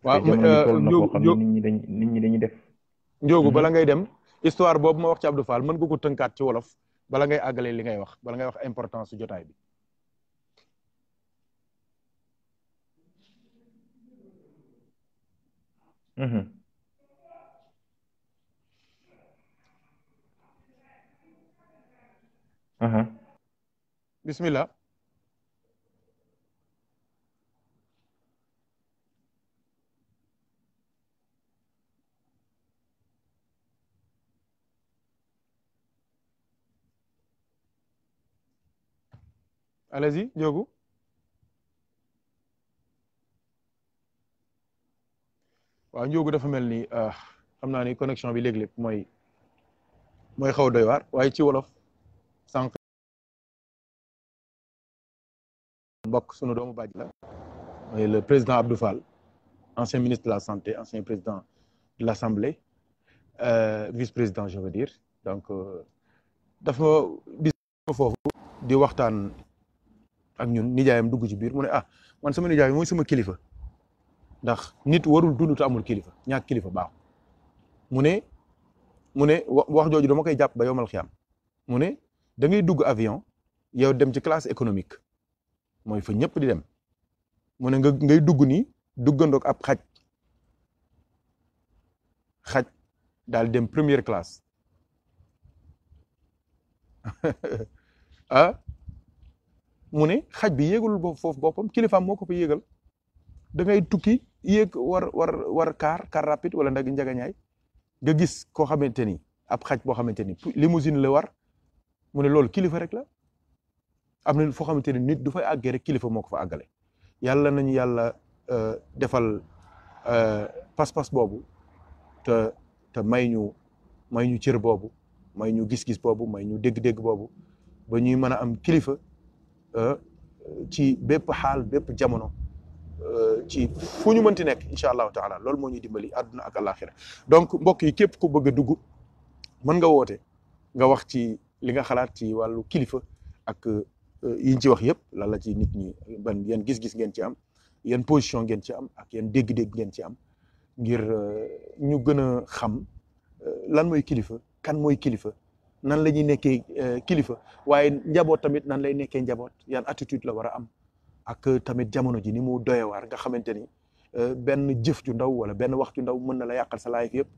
[SPEAKER 2] waaw euh, nit ñi dañ nit ñi dañuy def. Ndiogu mhm. bala ngay dem
[SPEAKER 1] histoire boobu ma wax ci Abdou Fall mën nga ko tënkaat ci wolof bala ngay àggalee li ngay wax bala ngay wax importance su jotaay bi. Mhm. bismillah allez-y Ndiogou waaw Ndiogou dafa mel ni ah, xam naa ni connexion bi léeg-léeg mooy mooy xaw doy waar waaye ci wolof sànq mbokk sunu doomu bàjj la mooy le président Abdou Fall ancien ministre de la santé ancien président de l'assemblée euh, vice-président je dire donc euh, dafa bis foofu di waxtaan ak ñun nijaayam dugg ci biir mu ne ah man sama nijaay mooy sama kilifa ndax nit warul dund amul kilifa ñaak kilifa baaxul mu ne mu ne wax jooju dama koy jàpp ba yomal xiyam da dugg avion yow dem ci classe économique mooy fa ñëpp di dem mu ne nga ngay dugg ni duggandoog ab xaj xaj daal dem première classe a ah? mu ne xaj bi yéegalul boobu foofu boppam kilifaam moo ko fa yéegal da tukki yéeg war war war car car wala ndag njagañaay nga gis koo xamante ni ab xaj boo xamante ni limousine la war mu ne loolu kilifa rek la am na foo xamante ne nit du fay àggee rek kilifa moo ko fa àggale yàlla nañu yàlla euh, defal euh, pas-pas boobu te may ñu may ñu cër boobu may ñu gis-gis boobu may ñu dégg-dégg boobu ba ñuy mën a am kilifa euh, ci bépp xaal bépp jamono ci fu ñu mënti nekk incha allahu taala loolu moo ñuy dimbali àdduna ak àllaaxira donc mbokk yi képp ku bëgg a dugg mën nga woote nga wax li nga xalaat ci wàllu kilifa ak euh, yiñ ci wax yëpp lan la ci nit ñi ban yan gis-gis ngeen ci am yan position ngeen ci am ak yan dégg-dégg ngeen ci am ngir euh, ñu gën a xam euh, lan mooy kilifa kan mooy kilifa nan la ñuy nekkee kilifa waaye njaboot tamit nan lay nekkee njaboot yan attitude la war a am ak tamit jamono ji ni mu waar nga xamante ni benn jëf ju ndaw wala benn wax ju ndaw mën na la yàqal sa life yëpp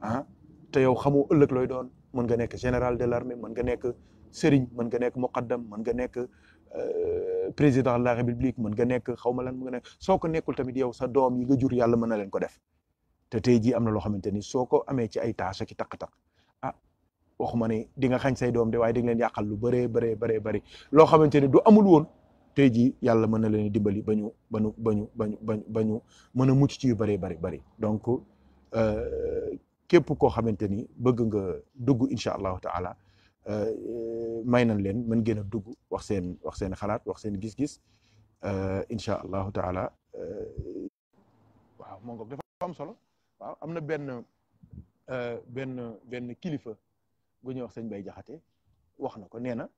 [SPEAKER 1] ah te yow xamu ëllëg looy doon mën nga nekk général de l'armée mën nga nekk sëriñ mën nga nekk muqaddam mën nga nekk euh, président de la république mën nga nekk xaw ma lan mën nga nekk soo ko nekkul tamit yow sa doom yi nga jur yàlla mën na leen ko def te tey jii am na loo xamante ni soo ko amee ci ay tâche ki takk-takk ah waxuma ne di nga xañ say doom de waaye di nga leen yàqal lu bëree bëree bëree bëri loo xamante ni du amul woon tey jii yàlla mën na leen dimbali ba ñu ba ñu bañu ñu ba ñu ba ñu mën a mucc ci yu bëree bëri bëri donc euh, képp koo xamante ni bëgg nga dugg incha allahu taala euh, may nañ leen mën ngeen a dugg wax seen wax seen xalaat wax seen gis-gis euh, incha allahu taala euh, waaw moo ngoog dafa am solo waaw am na benn benn benn kilifa gu ñuy wax sëñ Bay Jaxate wax na ko nee na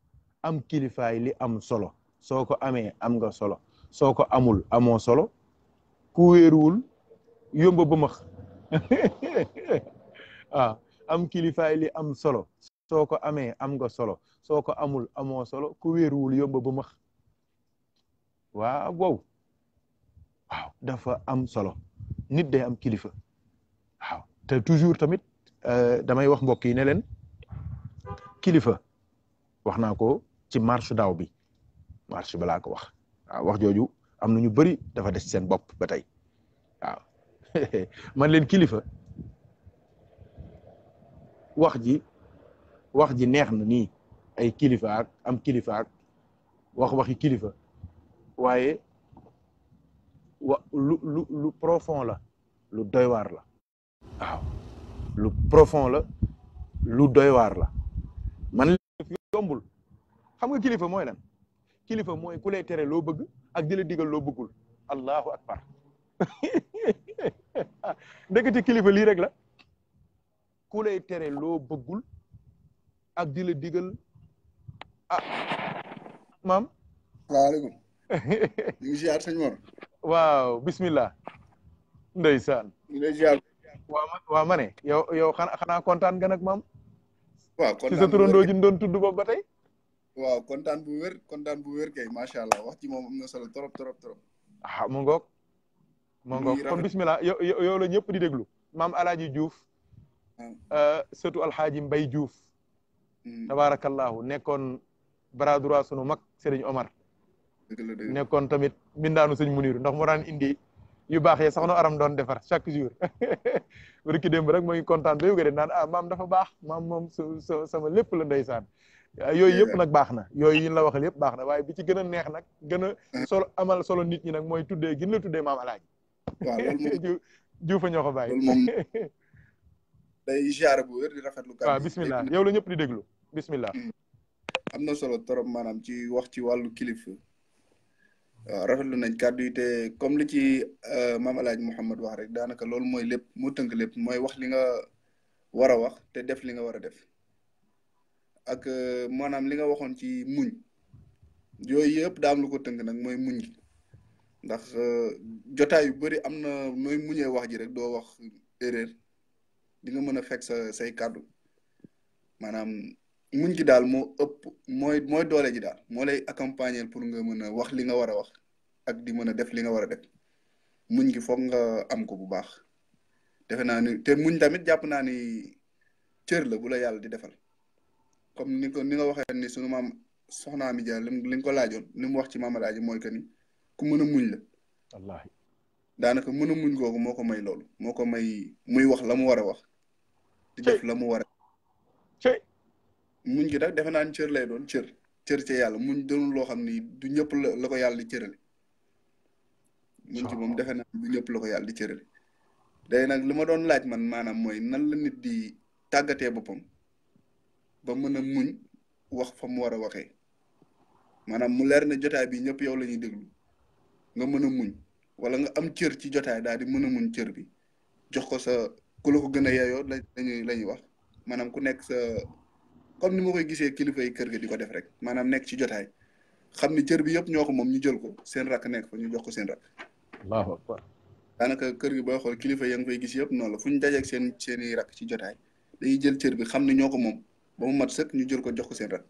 [SPEAKER 1] am kilifay li am solo soo ko amee am nga solo soo ko amul amoo solo ku wéeruwul yomba ba waaw am kilifa li am solo soo ko amee am nga solo soo ko amul amoo solo ku wéeruwul yomba ba max waaw wow waaw dafa am solo nit day am kilifa waaw te toujours tamit euh, damay wax mbokk yi ne leen kilifa wax naa ko ci marché daaw bi marche balaa ko wax wax jooju am na ñu bëri dafa des seen bopp ba tey waaw man leen kilifa wax ji wax ji neex na nii ay kilifa ak am kilifa ak wax waxi kilifa waaye lu lu lu profond la lu doy waar la
[SPEAKER 3] waaw lu
[SPEAKER 1] profond la lu doy waar la man yombul xam nga kilifa mooy lan kilifa mooy ku lay tere loo bëgg ak di la digal loo bëggul allahu akbar ndekete kilifa lii rek la ku lay tere loo bëggul ak di la digal
[SPEAKER 3] ah maam salaamaaleykum ñu ngi ziar
[SPEAKER 1] waaw bismillah ndeysaan ñu lay ma ne yow yow xanaa xanaa kontaan nga nag maam
[SPEAKER 3] waaw kontaan si sa doon tudd boobu ba tey waaw kontaan bu wér kontaan bu wér kay macha allah wax ci moom am na solo trop trop trop
[SPEAKER 1] ah mu ngoog kon bismillah yow la ñëpp di déglu maam Alaaji Diouf Euh, surtout alxaaji Mbay Juuf mm. tabaarakallaahu nekkoon bras sunu mag Serigne Omar nekkoon tamit mbindaanu sëñ Muniru ndax moo daan indi yu baax ye sax nu aram doon defar chaque jour rëkki démb rek mooy ngi kontaan ba yóga de naan ah, maam dafa baax maam moom su sama lépp la ndeysaan yooyu yëpp nag baax na yooyu yi la waxal yëpp baax na waaye bi ci gën a neex nag gën a mm. solo amal solo nit ñi nag mooy tuddee gin la tuddee maam alaaji
[SPEAKER 3] juufa ñoo ko day ziare bu wér di rafetlu. kàddu waaw bisimilah
[SPEAKER 1] yow la ñëpp di déglu bisimilah.
[SPEAKER 3] am na solo trop maanaam ci wax ci wàllu kilifa. waaw rafetlu nañ kàddu yi te comme li ci euh, maam El Hadj Mouhamed wax rek daanaka loolu mooy lépp moo tënk lépp mooy wax li nga war a wax te def li nga war a def ak euh, maanaam li nga waxoon ci muñ yooyu yëpp daam lu ko tënk nag mooy muñ ndax euh, jotaay yu bëri am na nooy muñee wax ji rek doo wax erreur di nga mën a fekk sa say kàddu maanaam muñ gi daal moo ëpp mooy mooy doole ji daal moo lay accompagner pour nga mën a wax li nga war a wax ak di mën a def li nga war a def muñ gi foog nga am ko bu baax defe naa ni te muñ tamit jàpp naa ni cër la bu la yàlla di defal comme ni ko ni nga waxee ni sunu maam soxnaa mi jaar lim li nga ko laajoon li mu wax ci a Alaaji mooy que ni ku mën a muñ la. wallaahi daanaka mën a muñ googu moo ko may loolu moo ko may muy wax la mu war a wax. di def la mu war a. muñ gi nag defe naa ni cër lay doon cër cër ci yàlla muñ doonul loo xam ni du ñëpp la la ko yàlla di cërale. muñ ci moom defe naa du ñëpp la yàlla di cërale. day nag li ma doon laaj man maanaam mooy nan la nit di tàggatee boppam ba mën a muñ wax fa mu war a waxee maanaam mu leer ne jotaay bi ñëpp yow lañuy ñuy déglu nga mën a muñ wala nga am cër ci jotaay daal di mën a muñ cër bi jox ko sa. ku la ko gën a yeyoo la lañuy la ñuy wax maanaam ku nekk sa comme ni ma koy gisee kilifa yi kër gi di ko def rek maanaam nekk ci jotaay xam ni cër bi yëpp ñoo ko moom ñu jël ko seen rakk nekk fa ñu jox ko seen rakk. allahu akbar daanaka kër gi booy xool kilifa ya nga koy gis yëpp noonu la fu ñu dajeeg seen seen i rakk ci jotaay dañuy jël cër bi xam ne ñoo ko moom ba mu mat sëkk ñu jël ko jox ko seen rakk.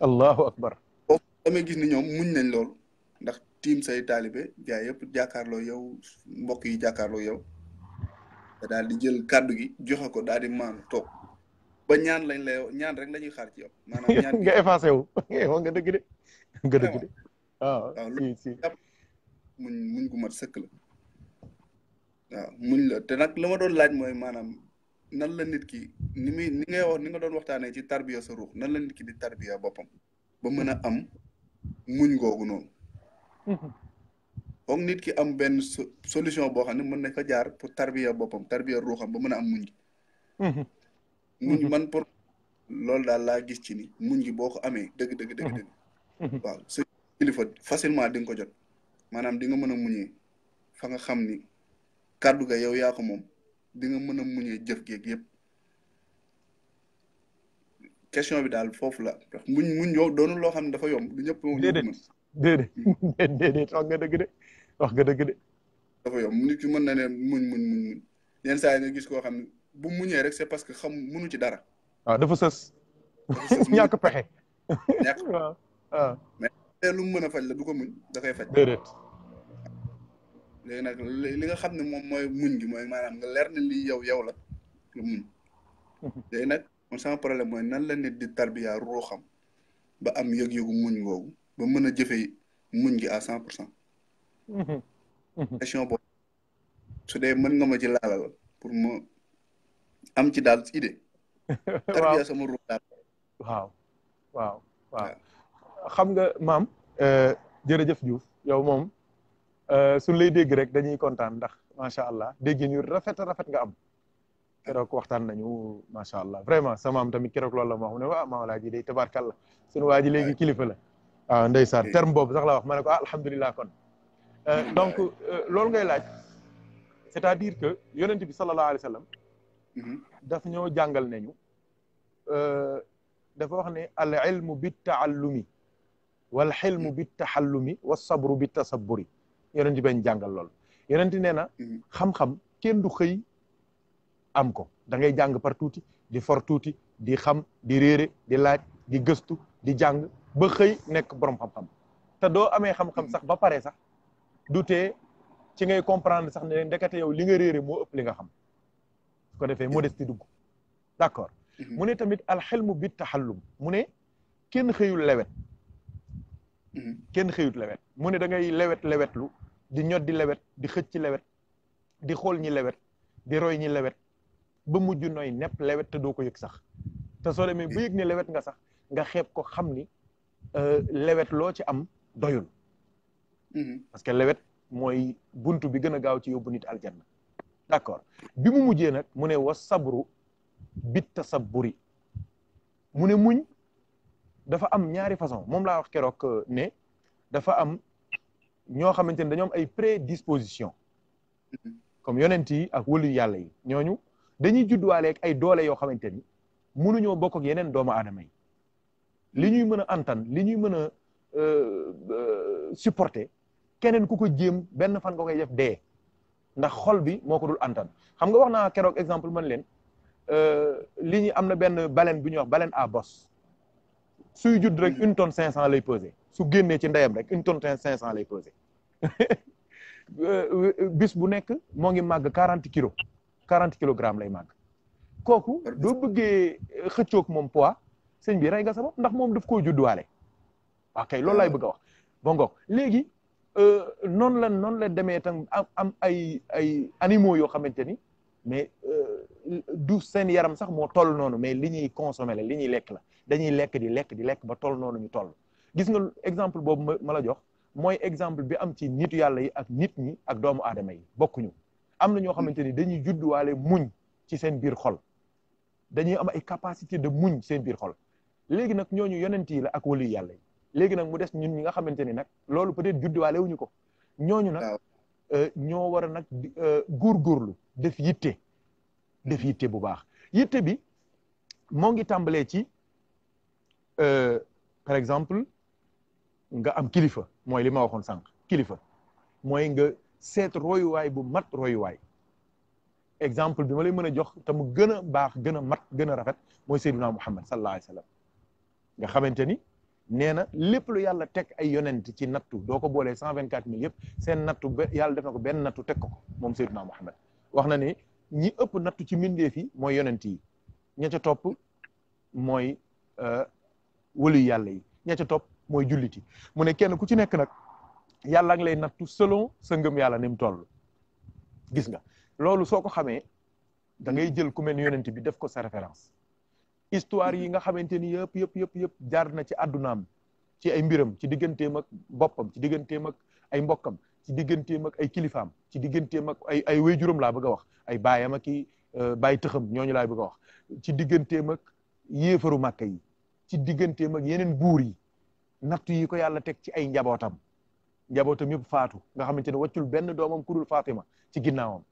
[SPEAKER 3] allahu akbar boobu damay gis ni ñoom muñ nañ lool ndax tiim say taalibe jaay yëpp jàkkaarloo yow mbokk yi jàkkaarloo yow te daal di jël kàddu gi joxe ko daal di maanu toog ba ñaan lañ lay ñaan rek la ñuy xaar ci yow. maanaam nga effacé wu nga dëgg de nga dëgg de waaw ah, muñ muñ gu muñ la te nag la ma doon laaj mooy maanaam nan la nit ki ni muy ni ngay wax ni nga doon waxtaanee ci tarbiya sa ruux nan la nit ki di tarbiya boppam ba mën a am muñ googu noonu foog nit ki am benn solution boo xam ne mën na fa jaar pour tarbiya boppam tarbiya ruuxam ba mën a am muñ mhm. muñ mhm. man pour loolu daal laa gis ci ni muñ gi boo ko amee dëgg dëgg dëgg dëgg mhm. waaw kilifa facilement di ko jot maanaam di nga mën a muñee fa nga xam ni kàddu ga yow yaa moom di nga mën a jëf geeg yëpp bi daal foofu la muñ muñ yow doonul loo xam ne dafa yomb
[SPEAKER 1] du
[SPEAKER 3] dëgg wax nga dëgg de. dafa yomb nit ki mën na ne muñ muñ muñ yenn saa yi nga gis koo xam ne bu muñee rek c'est parce que xam munu ci dara.
[SPEAKER 1] waaw ah, dafa sës.
[SPEAKER 3] ñàkk pexe. ñàkk waaw ah, waaw. Ah. mais lu mën a faj la du ko muñ dafay faj. déedéet. léegi nag li nga xam ne moom mooy muñ gi mooy maanaam nga leer na lii yow yow la nga muñ. nag man problème mooy nan la nit di tarbiya xam ba am yëg-yëgu muñ googu ba mën a jëfee muñ gi à cent pour cent. Mm-hmm. question boobu su dee mën nga ma ci laalal pour ma am ci daal idée. tarbiya sama ruux waaw waaw
[SPEAKER 1] xam nga maam euh, jërëjëf Diouf yow moom euh, sun lay dégg rek dañuy kontaan ndax macha allah dégg ñu rafet rafet nga am keroog waxtaan nañu macha allah vraiment sama am tamit keroog lool la ma wax ne waaw maa laa ji day tabarkal la suñu waa ji léegi kilifa la waaw ndeysaan terme boobu sax la wax ma ne ko ah alhamdulilah kon Euh, donc euh, loolu ngay laaj c'est-à-dire que yonent bi sallallahu alayhi wa sallam mhm. daf ñoo jàngal nañu euh, dafa wax ne al ilmu bit taallumi wal xilmu mhm. bit taxallumi wa sabru bit tasabburi yonent ben jàngal lool yonent nee na mhm. xam-xam kenn du xëy am ko da ngay jàng par tuuti di for tuuti di xam di réere di laaj di gëstu di jàng ba xëy nekk borom xam-xam te doo amee xam-xam sax ba pare sax dutee ci ngay comprendre sax ne ndekete yow li nga réere moo ëpp li nga xam su ko defee modestie dugg d' accord mhm. mu ne tamit alxelmu bi taxallum mu ne kenn xëyul lewet mhm. kenn xëyut lewet mu ne da ngay lewet lewetlu di ñot di lewet di xëcc lewet di xool ñi lewet di roy ñi lewet ba mujj nooy nepp lewet te doo ko yëg sax te soo demee ba yëg ne lewet nga sax nga xeeb ko xam ni euh, lewet loo ci am doyul Mm-hmm. parce que lewet mooy bunt bi gën a gaaw ci yóbbu nit aljanna d' accord bi mu mujjee nag mu ne wa sabru bit tasabburi mu ne muñ dafa am ñaari façon moom laa wax keroog ne dafa am ñoo xamante ne dañoom am ay prédisposition mm-hmm. comme yonent yi ak wolu yàlla yi ñooñu dañuy judduwaale ay doole yoo xamante ni mënuñoo bokk ak yeneen doomu aadama yi li ñuy mën a antan li ñuy mën a euh, euh, supporter keneen ku ko jéem benn fan nga koy def dee ndax xol bi moo ko dul antan xam nga wax naa keroog exemple man leen euh, li ñu am na benn baleine bu ñuy wax baleen à bosse suy judd rek une tonne cinq cent lay peser su génnee ci ndeyam rek une tonne cinq cent lay peser euh, euh, bis bu nekk moo ngi màgg quarante kilos quarante kilogrammes lay màgg kooku doo bëggee xëccoog moom pois sëñ bi rey nga sa ndax moom daf koo judduwaale waaw kay loolu laay bëgg a wax bon léegi Euh, noonu la noonu la demee tam am ay ay animaux yoo xamante ni mais euh, du seen yaram sax moo toll noonu mais li ñuy consommer la li ñuy lekk la dañuy lekk di lekk di lekk ba toll noonu ñu toll gis nga exemple boobu ma la jox mooy exemple bi am ci nitu yàlla yi ak nit ñi ak doomu aadama yi bokkuñu am na ñoo xamante ni dañuy judduwaale muñ ci seen biir xol dañuy am ay capacité de muñ seen biir xol léegi nag ñooñu yonent yi la ak wali yàlla yi léegi nag mu des ñun ñi nga xamante ni nag loolu peut-être juddiwaale ñu ko ñooñu nag euh, ñoo war a nag euh, góorgóorlu def yitte def yitte bu baax yitte bi moo ngi tàmbalee ci euh, par exemple nga am kilifa mooy li waxoon sànq kilifa mooy nga seet royuwaay bu mat royuwaay exemple bi ma lay mën a jox te mu gën baax gën a mat gën a rafet mooy Seydina Muhammad sallallahu alayhi wa sallam nga xamante ni nee na lépp lu yàlla tek ay yonent ci nattu doo ko boolee cent vingt quatre mille yëpp seen nattu yàlla def ko benn nattu teg ko ko moom Seydina Muhammad wax na ni ñi ëpp nattu ci mbindeef yi mooy yonent yi ña ca topp mooy euh, wëlu yàlla yi ña ca topp mooy jullit yi mu ne kenn ku ci nekk nag yàlla ngi lay nattu selon sa ngëm yàlla ni mu toll gis nga loolu soo ko xamee da ngay jël ku mel ni bi def ko sa référence histoire yi nga xamante ni yëpp yëpp yëpp yëpp jaar na ci àddunaam ci ay mbiram ci digganteem ak boppam ci digganteem ak ay mbokkam ci digganteem ak ay kilifaam ci digganteem ak ay ay laa bëgg wax ay baayam ak i euh, baay tëxam ñooñu laa bëgg a wax ci digganteem ak yéefaru màkka yi ci digganteem ak yeneen buur yi nattu yi ko yàlla teg ci ay njabootam njabootam yëpp faatu nga xamante ne wàccul benn doomam ku dul Fatima ci ginnaawam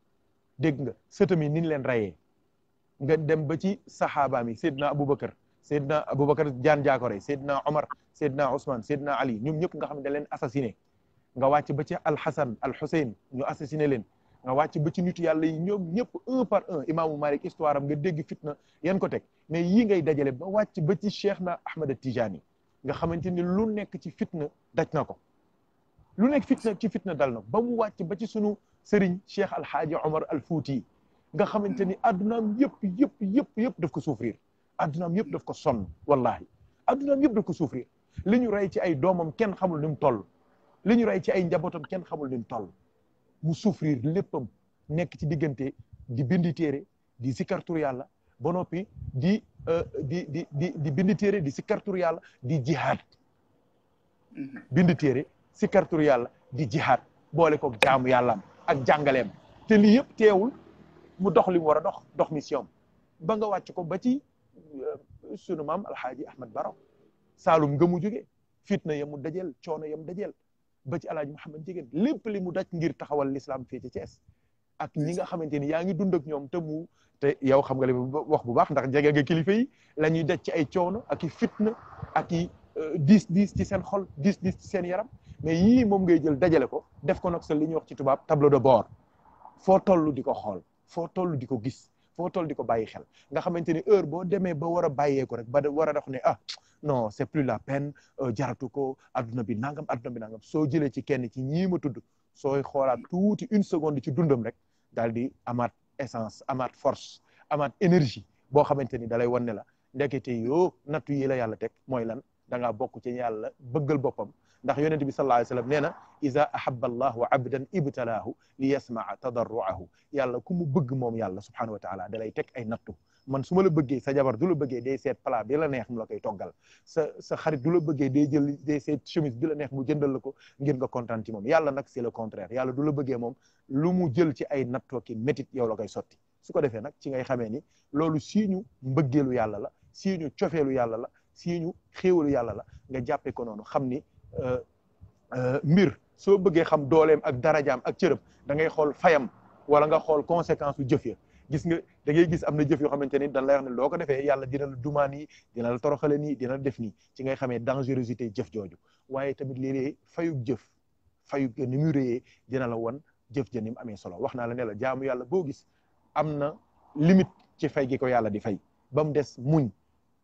[SPEAKER 1] dégg nga sëtam yi ni leen rayee nga dem ba ci saxaabaam yi Seydina Aboubacar Seydina Aboubacar jaan jaakoore Seydina Omar Seydina Ousmane Seydina Ali ñoom ñëpp nga xam ne leen assassiné nga wàcc ba ci Alxasan Alxuseyn ñu assassiné leen nga wàcc ba ci nitu yàlla yi ñoom ñëpp par un imaamu Malik histoire am nga dégg fitna yan ko teg mais yi ngay dajale ba wàcc ba ci Cheikh na Ahmad Tijani nga xamante ni lu nekk ci fitna daj na ko lu nekk fitna ci fitna dal na ba mu wàcc ba ci sunu sëriñ Cheikh Alxaaji Omar Al Fouti nga xamante ni addunaam yëpp yëpp yëpp yëpp daf ko souffrir addunaam yëpp daf ko sonn wallahi addunaam yëpp daf ko souffrir li ñu rey ci ay doomam kenn xamul ni toll li ñu rey ci ay njabootam kenn xamul ni mu mu souffrir léppam nekk ci diggante di bindi téere di sikartur yàlla ba noppi di euh, di di di di bindi téere di sikartur yàlla di jihaad mm-hmm. bindi téere sikartur yàlla di jihaad boole ko jaamu yàllaam ak jàngaleem te lii yëpp teewul mu dox li mu war a dox dox mission ba nga wàcc ko ba ci euh, sunu maam alxaaji ahmad baro saalum nga mu jóge fitna ya mu dajeel coono ya dajeel ba ci alaaji muhammad jigéen lépp li mu daj ngir taxawal l'islam fii ci Thiès ak ñi nga xamante ni yaa ngi dund ak ñoom te mu te yow xam nga li wax bu baax ndax jege nga la ñuy daj ci ay coono ak i fitna ak i euh, diis diis ci seen xol diis diis ci seen yaram mais yii moom ngay jël dajale ko def ko nag sa li ñuy wax ci tubaab tableau de bord foo toll di ko xool foo toll di ko gis foo toll di ko bàyyi xel nga xamante ni heure boo demee ba war a bàyyeeku rek ba war a dox ne ah non c'est plus la peine euh, jaratu ko adduna bi nangam adduna bi nangam soo jëlee ci kenn ci ñii ma tudd sooy xoolaat tuuti une seconde ci dundam rek daal di amaat essence amaat force amaat énergie boo xamante ni dalay wan ne la ndekete yoo nattu yi la yàlla teg mooy lan da ngaa bokk ci yàlla bëggal boppam ndax yonent bi sallallahu alayhi wasallam nee na ida ahaba allahu abdan ibtalaahu li yasmaa tadarruahu yàlla ku mu bëgg moom yàlla subhanahu wa taala da lay teg ay nattu man su ma la bëggee sa jabar du la bëggee day seet plat bi la neex mu koy toggal sa sa xarit du la bëggee day jël day seet chemise bi la neex mu jëndal la ko ngir nga kontaan moom yàlla nag c'est le contraire yàlla du lu mu jël ci ay nattoo ki métit yow la koy sotti su ko defee nag ci ngay xamee ni loolu sii ñu mbëggeelu yàlla la sii cofeelu yàlla la sii ñu xéewalu yàlla la nga jàppee ko noonu xam ni Euh, euh, mbir soo bëggee xam dooleem ak darajaam ak cërëm da ngay xool fayam wala nga xool conséquence su jëf ya gis nga da ngay gis am na jëf yoo xamante ni dan lay wax ne loo ko defee yàlla dina la dumaan yi dina la toroxale nii dina la def nii ci ngay xamee dangerosité jëf jooju waaye tamit léeg-léeg fayub jëf fayub ni muy réyee dina la wan jëf ja ni mu amee solo wax naa la ne la jaamu yàlla boo gis am na limite ci fay gi ko yàlla di fay ba mu des muñ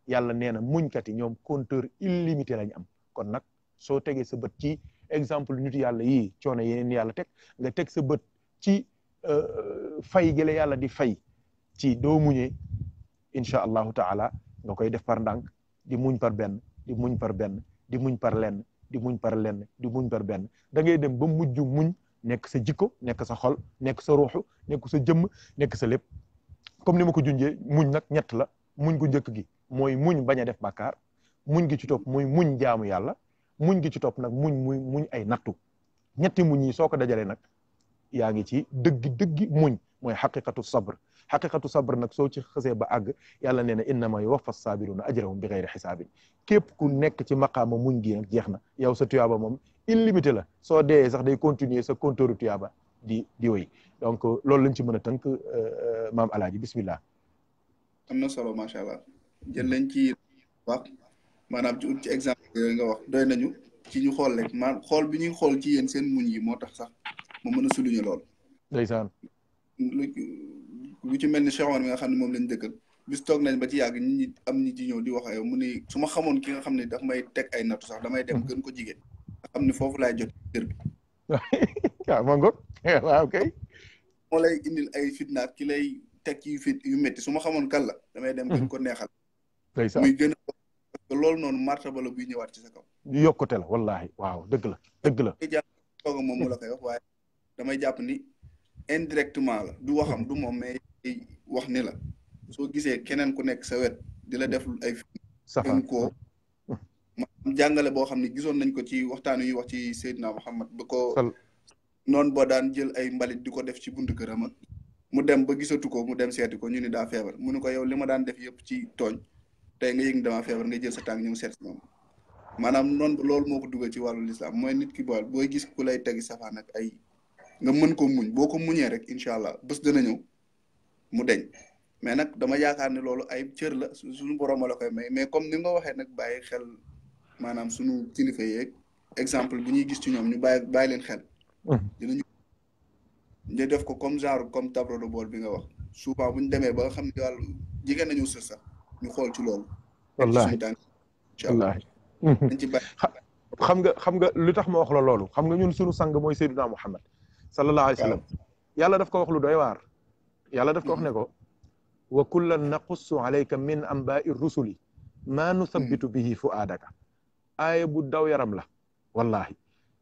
[SPEAKER 1] yàlla nee na muñkat yi ñoom compteur illimité lañ am kon nag soo tegee sa bët ci exemple nit yàlla yii coono yeneen yàlla teg nga teg sa bët ci euh, fay gële yàlla di fay ci doo muñee incha allahu taala nga koy def par ndànk di muñ par benn di muñ par benn di muñ par lenn di muñ par lenn di muñ par benn da ngay dem ba mujj muñ nekk sa jikko nekk sa xol nekk sa ruuxu nekk sa jëmm nekk sa lépp comme ni ma ko junjee muñ nag ñett la muñ gu njëkk gi mooy muñ bañ a def bàkkaar muñ gi ci topp mooy muñ jaamu yàlla muñ gi ci topp nag muñ muñ muñ ay nattu ñetti muñ yi soo ko dajalee nag yaa ngi ci dëggi dëggi muñ mooy xaqiqatu sabr xaqiqatu sabr nag soo ci xësee ba àgg yàlla nee na innama yuwaffa saabiruna ajrahum bi xeyri xisaabin képp ku nekk ci maqaama muñ gi nag jeex na yow sa tuyaaba moom illimité la soo deeyee sax day continuer sa compteur tuyaaba di di donc loolu lañ ci mën a tënk euh, euh, maam alaaji bismillah
[SPEAKER 3] am na solo macha allah jël lañ ci wax maanaam ci ut ci exemple yooyu wax doy nañu ci ñu xool rek maanaam xool bi ñuy xool ci yéen seen muñ yi moo tax sax mu mën a souligner lool. ndeysaan. lu ci mel ni Cheikh Omar nga xam ne moom lañ dëkkal bis toog nañ ba ci yàgg nit ñi am ñi ci ñëw di wax ak mu ne su ma xamoon ki nga xam ne daf may teg ay nattu sax damay dem hmm. gën ko jigéen nga xam ne foofu laay jot kër bi. waaw ah, ma ngoog lay indil ay fitnaat ki lay teg yu fit yu métti su ma xamoon kan la damay dem gën hmm. ko neexal. muy te loolu noonu martaba la buy ñëwaat ci sa kaw.
[SPEAKER 1] yokkute la wallaahi waaw dëgg la dëgg la.
[SPEAKER 3] damay jàpp moom mu la koy wax waaye damay jàpp ni indirectement la du waxam du moom mais wax ni la soo gisee keneen ku nekk sa wet di la def ay. safar ko hmm. jàngale boo xam ne gisoon nañ ko ci waxtaan wi wax ci Seydina Muhammad ba ko. noonu boo daan jël ay mbalit di ko def ci buntu këram mu dem ba gisatu ko mu dem seeti ko ñu ni daa feebal mu nu ko yow li ma daan def yëpp ci tooñ. tey nga yëg dama feebar nga jël sa tànk ñëw seet si moom maanaam noonu loolu moo ko dugal ci wàllu lislaam mooy nit ki bool gis ku lay tegi safaan ak ay nga mën ko muñ boo ko muñee rek incha allah bés dana ñëw mu deñ mais nag dama yaakaar ne loolu ay cër la suñu borom la koy may mais comme ni nga waxee nag bàyyi xel maanaam suñu kilifa yeeg exemple bu ñuy gis ci ñoom ñu bàyyi bàyyi leen xel. Mm-hmm. dinañu ñu def ko comme genre comme tableau bool bi nga wax souvent bu ñu demee ba nga xam ne wàllu jigéen nañu sës sax. ñu xool ci loolu. wallaahi wallaahi.
[SPEAKER 1] xam nga xam nga lu tax ma wax la loolu xam nga ñun sunu sang mooy Seydina Muhammad sallallahu alayhi wa sallam yàlla daf ko wax lu doy waar. yàlla def ko wax ne ko. Mm-hmm. wa kullan naqussu alayka min anbaai rusuli maa nuthabitu mm-hmm. fu aadaka aaya bu daw yaram la wallahi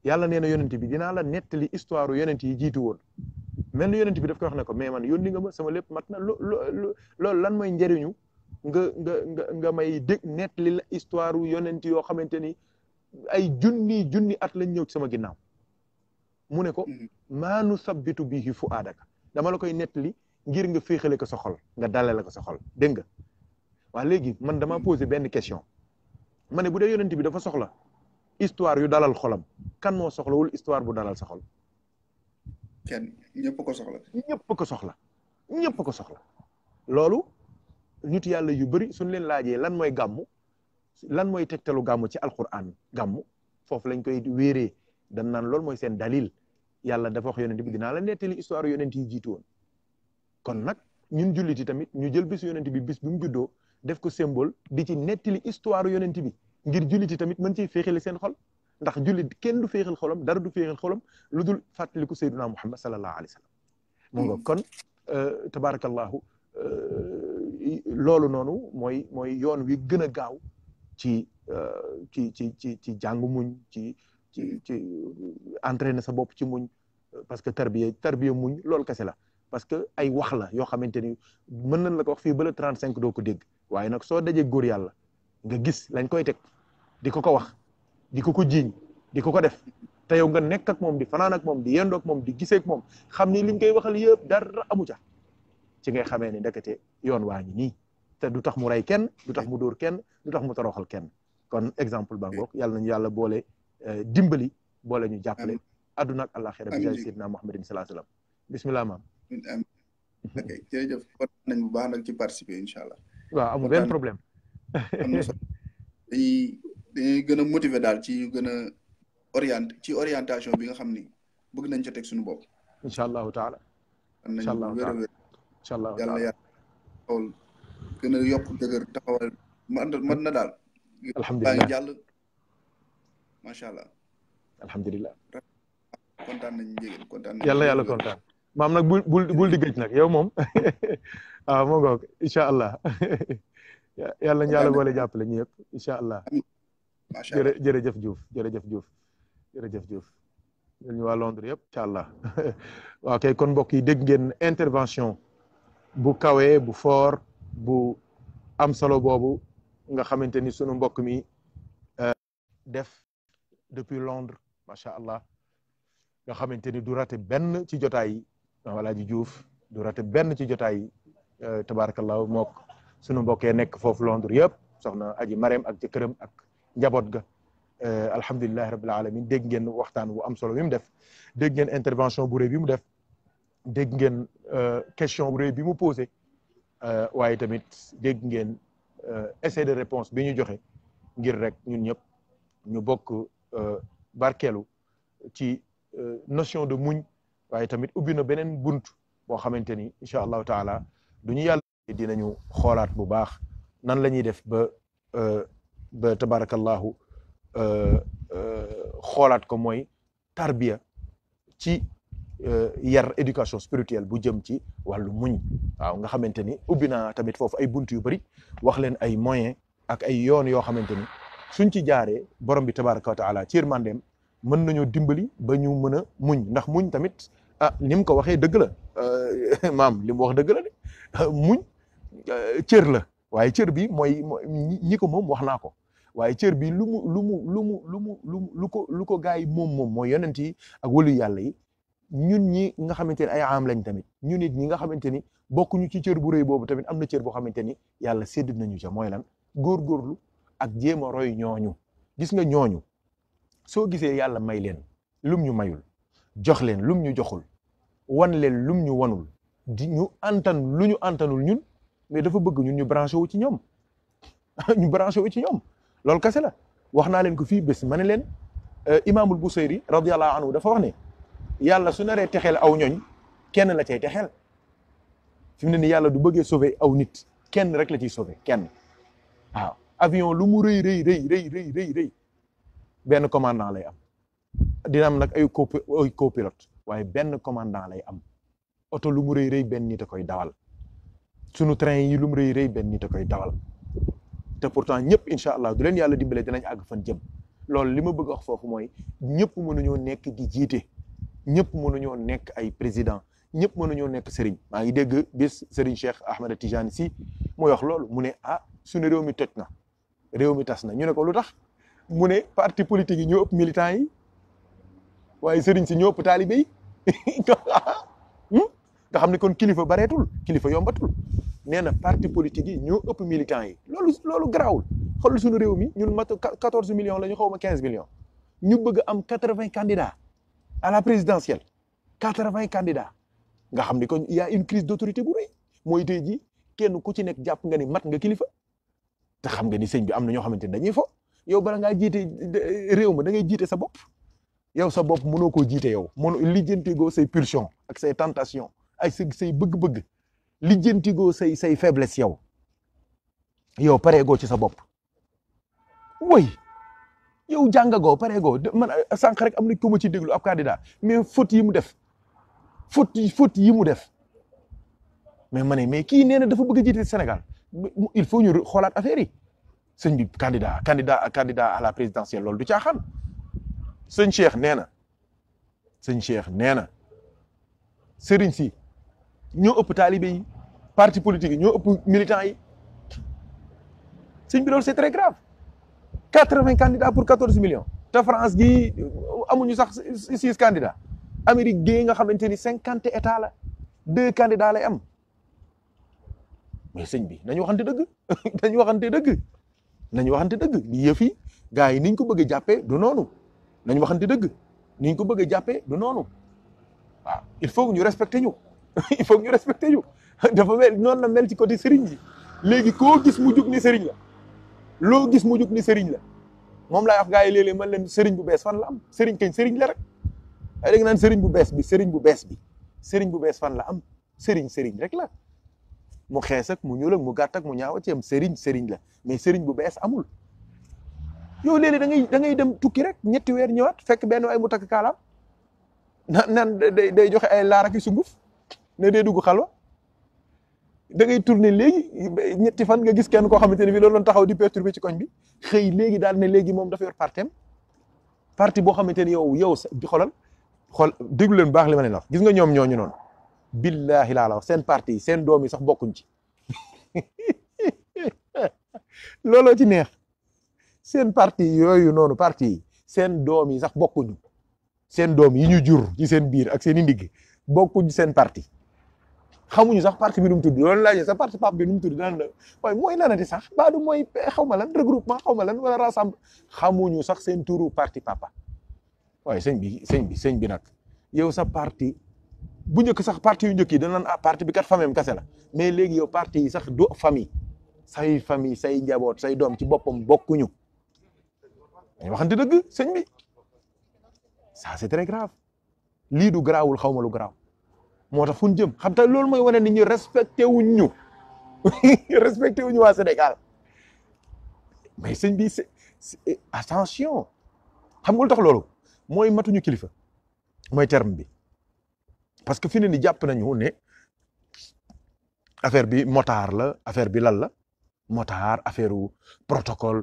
[SPEAKER 1] yàlla nee na yonent bi dinaa la li histoire yonent yi jiitu woon mel ni yonent bi daf ko wax ne ko mais man yónni nga ma sama lépp mat na lo loolu lan mooy njariñu nga nga nga nga may dégg nettali la histoire yu yonent yoo xamante ni ay junni junni at lañ ñëw ci sama ginnaaw mu ne ko mm-hmm. maanu sabbitu bihi fu aadaka dama la koy nettali ngir nga féexale ko sa xol nga dalale ko sa xol dégg nga waa léegi man dama mm-hmm. posé benn question ma ne bu dee yonent bi dafa soxla histoire yu dalal xolam kan moo soxlawul histoire bu dalal sa xol kenn ñëpp ko soxla ñëpp ko soxla ko soxla loolu nitu yàlla yu bari suñ leen laajee lan mooy gàmmu lan mooy tegtalu gàmmu ci alquran gàmmu foofu lañ koy wéeree dan naan loolu mooy seen dalil yalla dafa wax yonent bi dinaa la nettali histoire yonent yi jiitu woon kon nag ñun julliti tamit ñu jël bisu yonent bi bis bi mu juddoo def ko symbole di ci nettali histoire yonent bi ngir julliti tamit mën ciy féexale seen xol ndax jullit kenn du féexal xolam dara du féexal xolam lu dul fàttaliku sayyiduna muhammad sallallahu alayhi wa sallam mu nga kon euh, loolu noonu mooy mooy yoon wi gën a gaaw ci euh, ci ci ci ci jàng muñ ci ci ci na sa bopp ci muñ euh, parce que tarbiya tarbiya muñ loolu kese la parce que ay wax la yoo xamante ni mën nañ la ko wax fii ba le cinq doo ko dégg waaye nag soo dajee góor yàlla nga gis lañ koy teg di ko ko wax di ko ko jiiñ di ko ko def te yow nga nekk ak moom di fanaan ak moom di yendoo moom di gisee ak moom xam ni liñ koy waxal yëpp dara amu ca ci ngay xamee ni ne ndekete yoon waa ngi nii te du tax mu rey kenn du tax mu dóor kenn du tax mu toroxal kenn kon exemple bangook yàlla nañu yàlla boole eh, dimbali boole ñu jàppale adduna ak àllaaxira bi jaay sidna
[SPEAKER 3] Muhammadin salaa salaam bismillah maam ok jërëjëf kontaan nañ bu baax nag ci participer incha allah waaw amul benn problème dañuy dañuy a motiver daal ci gën a orienté ci orientation bi nga xam ni bëgg nañ ca teg suñu bopp incha allahu taala incha allahu taala incha allah yàlla yàlla xool gën na yàlla yàlla
[SPEAKER 1] kontaan maam nag bul bul di gëj nag yow moom waaw ah, moo ngoog incha allah yàlla ñu yàlla boole ñu yëpp incha allah. macha allah jërëjëf Diouf jërëjëf Diouf jërëjëf Diouf. ñu waa Londres yëpp incha allah waaw kay kon mbokk yi dégg ngeen intervention. bu kawee bu foor bu am solo boobu nga xamante ni sunu mbokk mi euh, def depuis Londres macha allah nga xamante ni du rate benn ci jotaay yi Alaaji Diouf du rate benn ci jotaay yi euh, tabarakallahu mook sunu mbokkee nekk foofu Londres yëpp soxna aji Marème ak jëkkëram ak njaboot ga euh, alhamdulilahi rabbil alamin dégg ngeen waxtaan bu am solo bi mu def dégg ngeen intervention bu rëy bi mu def dégg ngeen euh, question bu rëy bi mu posé euh, waaye tamit dégg ngeen euh, essai de réponse bi ñu joxe ngir rek ñun ñëpp ñu bokk barkeelu ci notion de muñ waaye tamit ubbi na beneen bunt boo xamante ni incha allahu taala du ñu yàlla dinañu xoolaat bu baax nan la ñuy def ba ba tabarakallahu xoolaat ko mooy tarbiya Euh, yar éducation spirituelle bu jëm ci wàllu muñ waaw nga xamante ni ubbi naa tamit foofu ay bunt yu bëri wax leen ay moyen ak ay yoon yoo xamante ni suñ ci jaaree borom bi tabaraka wa taala ci yërmandeem mën nañoo dimbali ba ñu mën a muñ ndax muñ tamit ah ni mu ko waxee dëgg la euh, maam li mu wax dëgg la muñ euh, cër la waaye cër bi mooy ñi ko moom wax naa ko waaye cër bi lu mu lu mu lu mu lu lu ko lu ko gars yi moom moom mooy yonent yi ak wëlu yàlla yi ñun ñi nga xamante ne ay am lañ tamit ñun it ñi nga xamante ni bokkuñu ci cër bu rëy boobu tamit am na cër boo xamante ni yàlla sédd nañu ca mooy lan góorgóorlu ak jéem a roy ñooñu gis nga ñooñu soo gisee yàlla may leen lum ñu mayul jox leen lum ñu joxul wan leen lum ñu wanul di ñu antan lu ñu antanul ñun mais dafa bëgg ñun ñu branché wu ci ñoom ñu branché wu ci ñoom loolu kese la wax naa leen ko fii bés ma ne leen euh, imaamul Busayri radiyallahu anhu dafa wax ne yàlla su naree texeel aw ñooñ kenn la cay texeel fi mu ne ni yàlla du bëggee sauver aw nit kenn rek la ciy sauver kenn waaw avion lu mu rëy rëy rëy rëy rëy rëy benn commandant lay am dina am nag ay co ay copilote waaye benn commandant lay am oto lu mu rëy rëy benn nit a koy dawal sunu train yi lu mu rëy rëy benn nit a koy dawal te pourtant ñëpp incha allah du leen yàlla dimbale dinañ àgg fan jëm loolu li ma bëgg a wax foofu mooy ñëpp mënuñoo nekk di jiite ñëpp mënuñoo nekk ay président ñëpp mënuñoo nekk Serigne maa ngi dégg bis Serigne Cheikh Ahmed Tidiane si moo yox loolu mu ne ah suñu réew mi toj na réew mi tas na ñu ne ko lu tax mu ne parti politique yi ñoo ëpp militant yi waaye Serigne si ñoo ëpp taalibe yi hmm? nga xam ne kon kilifa bareetul kilifa yombatul nee na parti politique yi ñoo ëpp militant yi loolu loolu garaawul xool suñu réew mi ñun mat 14 millions la ñu xaw ma quinze millions ñu bëgg am 80 candidats. à la présidentielle quatre-vingts candidats nga xam ni kon ya une crise d'autorité bu rëy mooy tey jii kenn ku ci nekk jàpp nga ni mat nga kilifa te xam nga ni sëñ bi am na ñoo xamante ne dañuy fo yow bala ngaa jiite réew ma dangay jiite sa bopp yow sa bopp mënoo koo jiite yow mënoo lijjantigoo say pulsion ak say tentation ay say say bëgg-bëgg lijjantigoo say say faiblesse yow yow pareegoo ci sa bopp yow jàngagoo pareegoo man ah, sànq rek am na ku ma ci déglu ab candidat mais faute yi mu def faute yi yi mu def mais ma ne mais kii nee na dafa bëgg a senegal il faut ñu xoolaat affaire yi sëñ bi candidat candidat candidat à la présidentielle loolu du caaxaan sëñ Cheikh nee na sëñ Cheikh nee na sëriñ si ñoo ëpp taalibe yi parti politique yi ñoo ëpp militant yi sëñ bi loolu c'est très quatre-vingts candidats pour quatorze millions te France gii amuñu sax six candidats Amérique gii nga xamante ni cinquante états la deux candidats lay am mais sëñ bi nañu waxante dëgg nañu waxante dëgg nañu waxante dëgg yëf gars yi niñ ko bëgg a jàppee du noonu nañu waxante dëgg niñ ko bëgg a jàppee du noonu waaw il faut ñu respecté ñu il faut que ñu respecté ñu dafa mel noonu la mel ci côté sëriñ bi léegi koo gis mu jug ni sëriñ la loo gis mu jug ni sëriñ la moom laay wax gars yi léeg-léeg man leen sëriñ bu bees fan la am sëriñ kañ sëriñ la rek ay dégg naan sëriñ bu bees bi sëriñ bu bees bi sëriñ bu bees fan la am sëriñ sëriñ rek la mu xees ak mu ñuul ak mu gàtt ak mu ñaaw ci am sëriñ la mais sëriñ bu bees amul yow léeg-léeg da ngay dem tukki rek ñetti weer ñëwaat fekk benn ay mu takk kaalaam naan naan day joxe ay laar ak i sunguf ne day dugg xalwa da ngay tourner léegi ñetti fan nga gis kenn koo xamante ne bii loolu taxaw di perturber ci koñ bi xëy léegi daal ne léegi moom dafa yor partem parti boo xamante ne yow yow di xoolal xool déglu baax li ma leen wax gis nga ñoom ñooñu noonu billahi laa la wax seen parti seen doom yi sax bokkuñ ci looloo ci neex seen parti yooyu noonu parti seen doom yi sax bokkuñu seen doom yi ñu jur ci seen biir ak seen i ndigg bokkuñu seen parti xamuñu sax parti bi nu mu tudd loolu laajee sa parti pap bi nu mu tudd daan la waaye mooy lanati sax baa mooy xaw ma lan regroupement xaw ma lan wala rassemble xamuñu sax seen turu parti papa waaye sëñ bi sëñ bi sëñ bi nag yow sa parti bu njëkk sax parti yu njëkk yi danaan ah parti bi kat famille kase la mais léegi yow parti yi sax du famille say famille say njaboot say doom ci boppam bokkuñu dañ waxante dëgg sëñ bi ça c'est très grave xaw ma lu garaaw moo tax fu jëm xam te loolu mooy wane nit ñu respecté wuñ ñu waa Sénégal mais sëñ xam nga lu loolu mooy matuñu kilifa mooy terme bi parce que fi ne ni jàpp nañu ne affaire bi motard la affaire bi lan la motard affaire u protocole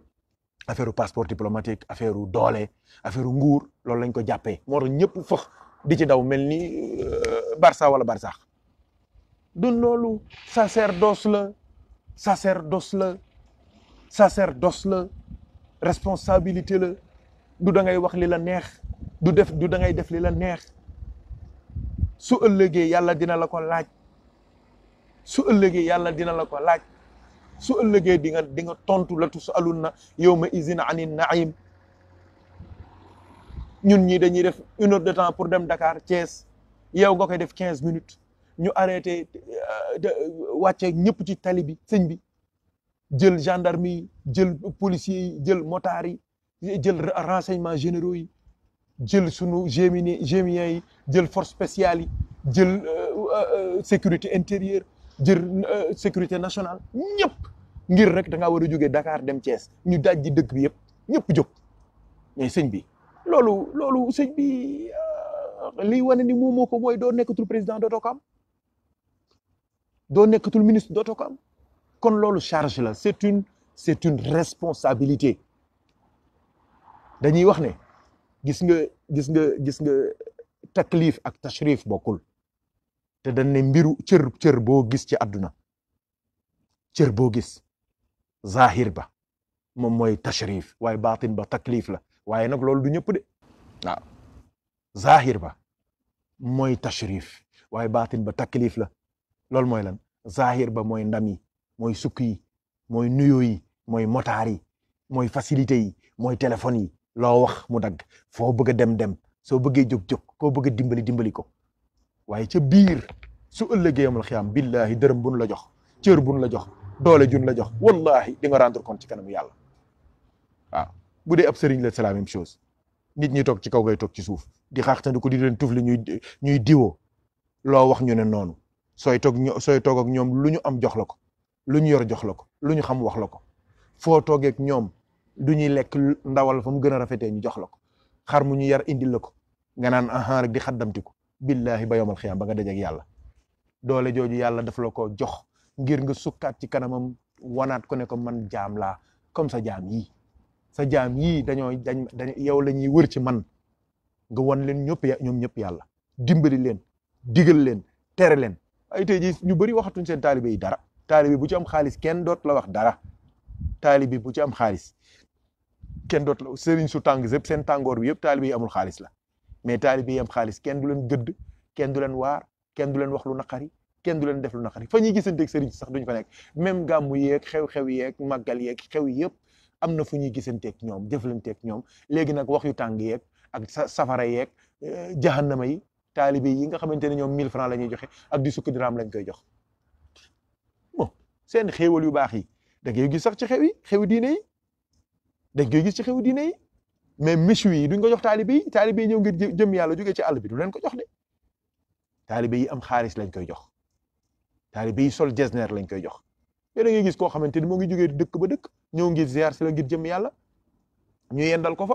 [SPEAKER 1] affaire u passeport diplomatique affaire u doole affaire u nguur loolu lañ ko jàppee moo tax ñëpp fëx di ci daw mel ni euh, barsa wala Barsaax du loolu dos la sacerdoce la sacerdoce la responsabilité la du dangay ngay wax li la neex du def du da def li la neex su ëllëgee yàlla dina la ko laaj su ëllëgee yàlla dina la ko laaj su ëllëgee di nga di nga tontu la tusaluna yawma izin ani naim ñun ñi dañuy def une de temps pour dem Dakar Thiès yow nga koy def quinze minutes ñu arrêté euh, euh, wàcce ñëpp ci tali bi sëñ bi jël gendarme yi jël policiers yi jël motards yi jël renseignements généraux yi jël sunu gémini gémien yi jël force spéciale yi jël euh, sécurité intérieure jël sécurité nationale ñëpp ngir rek da nga war a jógee Dakar dem Thiès ñu daj dëkk bi yëpp ñëpp jóg mais sëñ bi loolu loolu sëñ bi euh, lii wane ni moom moo ko mooy doo nekkatul président dootoo ko am doo nekkatul ministre dootoo ko kon loolu charge la c'est une c'est une responsabilité dañuy wax ne gis nga gis nga gis nga taklif ak tashrif bokkul te dañ ne mbiru cër cër boo gis ci àdduna cër boo gis zahir ba moom mooy tashrif waaye baatin ba taklif la waaye nag loolu ñëpp de waaw zahir ba mooy tashrif waaye baatin ba taklif la loolu mooy lan zahir ba mooy ndam yi mooy sukk mooy nuyoo yi mooy motaar yi mooy facilité yi mooy téléphone yi loo wax mu dagg foo bëgg dem dem soo bëggee jóg jóg koo bëgg dimbali dimbali ko waaye ca biir su ëllëgee amul xiyaam billahi dërëm bun la jox cër buñ la jox doole jun la jox wallahi di nga rendre compte ci kanamu yàlla waaw bu dee ab sëriñ la c'est la chose nit ñi toog ci kaw gay toog ci suuf di xaaxtandi ko di leen tuuf li ñuy ñuy diwoo loo wax ñu ne noonu sooy toog ño sooy toog ak ñoom lu ñu am jox la ko lu ñu yor jox la ko lu ñu xam wax la ko foo toogeek ñoom du ñuy lekk ndawal fa mu gën a rafetee ñu jox la ko xar mu ñu yar indi la ko nga naan ahan rek di xaddamti ko billahi ba yomal xiyaam ba nga dajeeg yàlla doole jooju yàlla daf la ko jox ngir nga sukkaat ci kanamam wanaat ko ne ko man jaam laa comme sa jaam yi sa jaam yii dañoo dañ yow la ñuy wër ci man nga wan leen ñëpp ñoom ñëpp yàlla dimbali leen digal leen tere leen ay tey jii ñu bari waxatuñ seen taalibe yi dara taalibe bu ci am xaalis kenn doot la wax dara taalibe bu ci am xaalis ken doot la sëriñ su tàng yëpp seen tàngoor bi yëpp taalibe yi amul xaalis la mais taalibe yi am xaalis kenn du leen gëdd ken du leen waar kenn du leen wax lu naqari kenn du leen def lu naqari fa ñuy gisanteeg sëriñ sax duñ fa nekk même gàmmu yeeg xew-xew yeeg màggal yeeg xew yëpp am na fu ñuy gisanteeg ñoom jëflanteeg ñoom léegi nag wax yu tàng yeeg ak safara yeeg euh, jahannama yi taalibe yi nga xamante ne ñoom 1000 francs la ñuy joxe ak di sukk lañ koy jox bon seen xewal yu baax yi da ngay sax ci xew yi xew diine yi dañ koy gis ci xew diine yi mais michu yi duñ ko jox taalibe yi taalibe yi ñëw ngir jëm yàlla jógee ci àll bi du leen ko jox de taalibe yi am xaalis lañ koy jox taalibe yi sol jesner lañ koy jox mais da gis koo xamante ni moo ngi jógee dëkk ba dëkk ñëw ngir ziar si la ngir jëm yàlla ñu yendal ko fa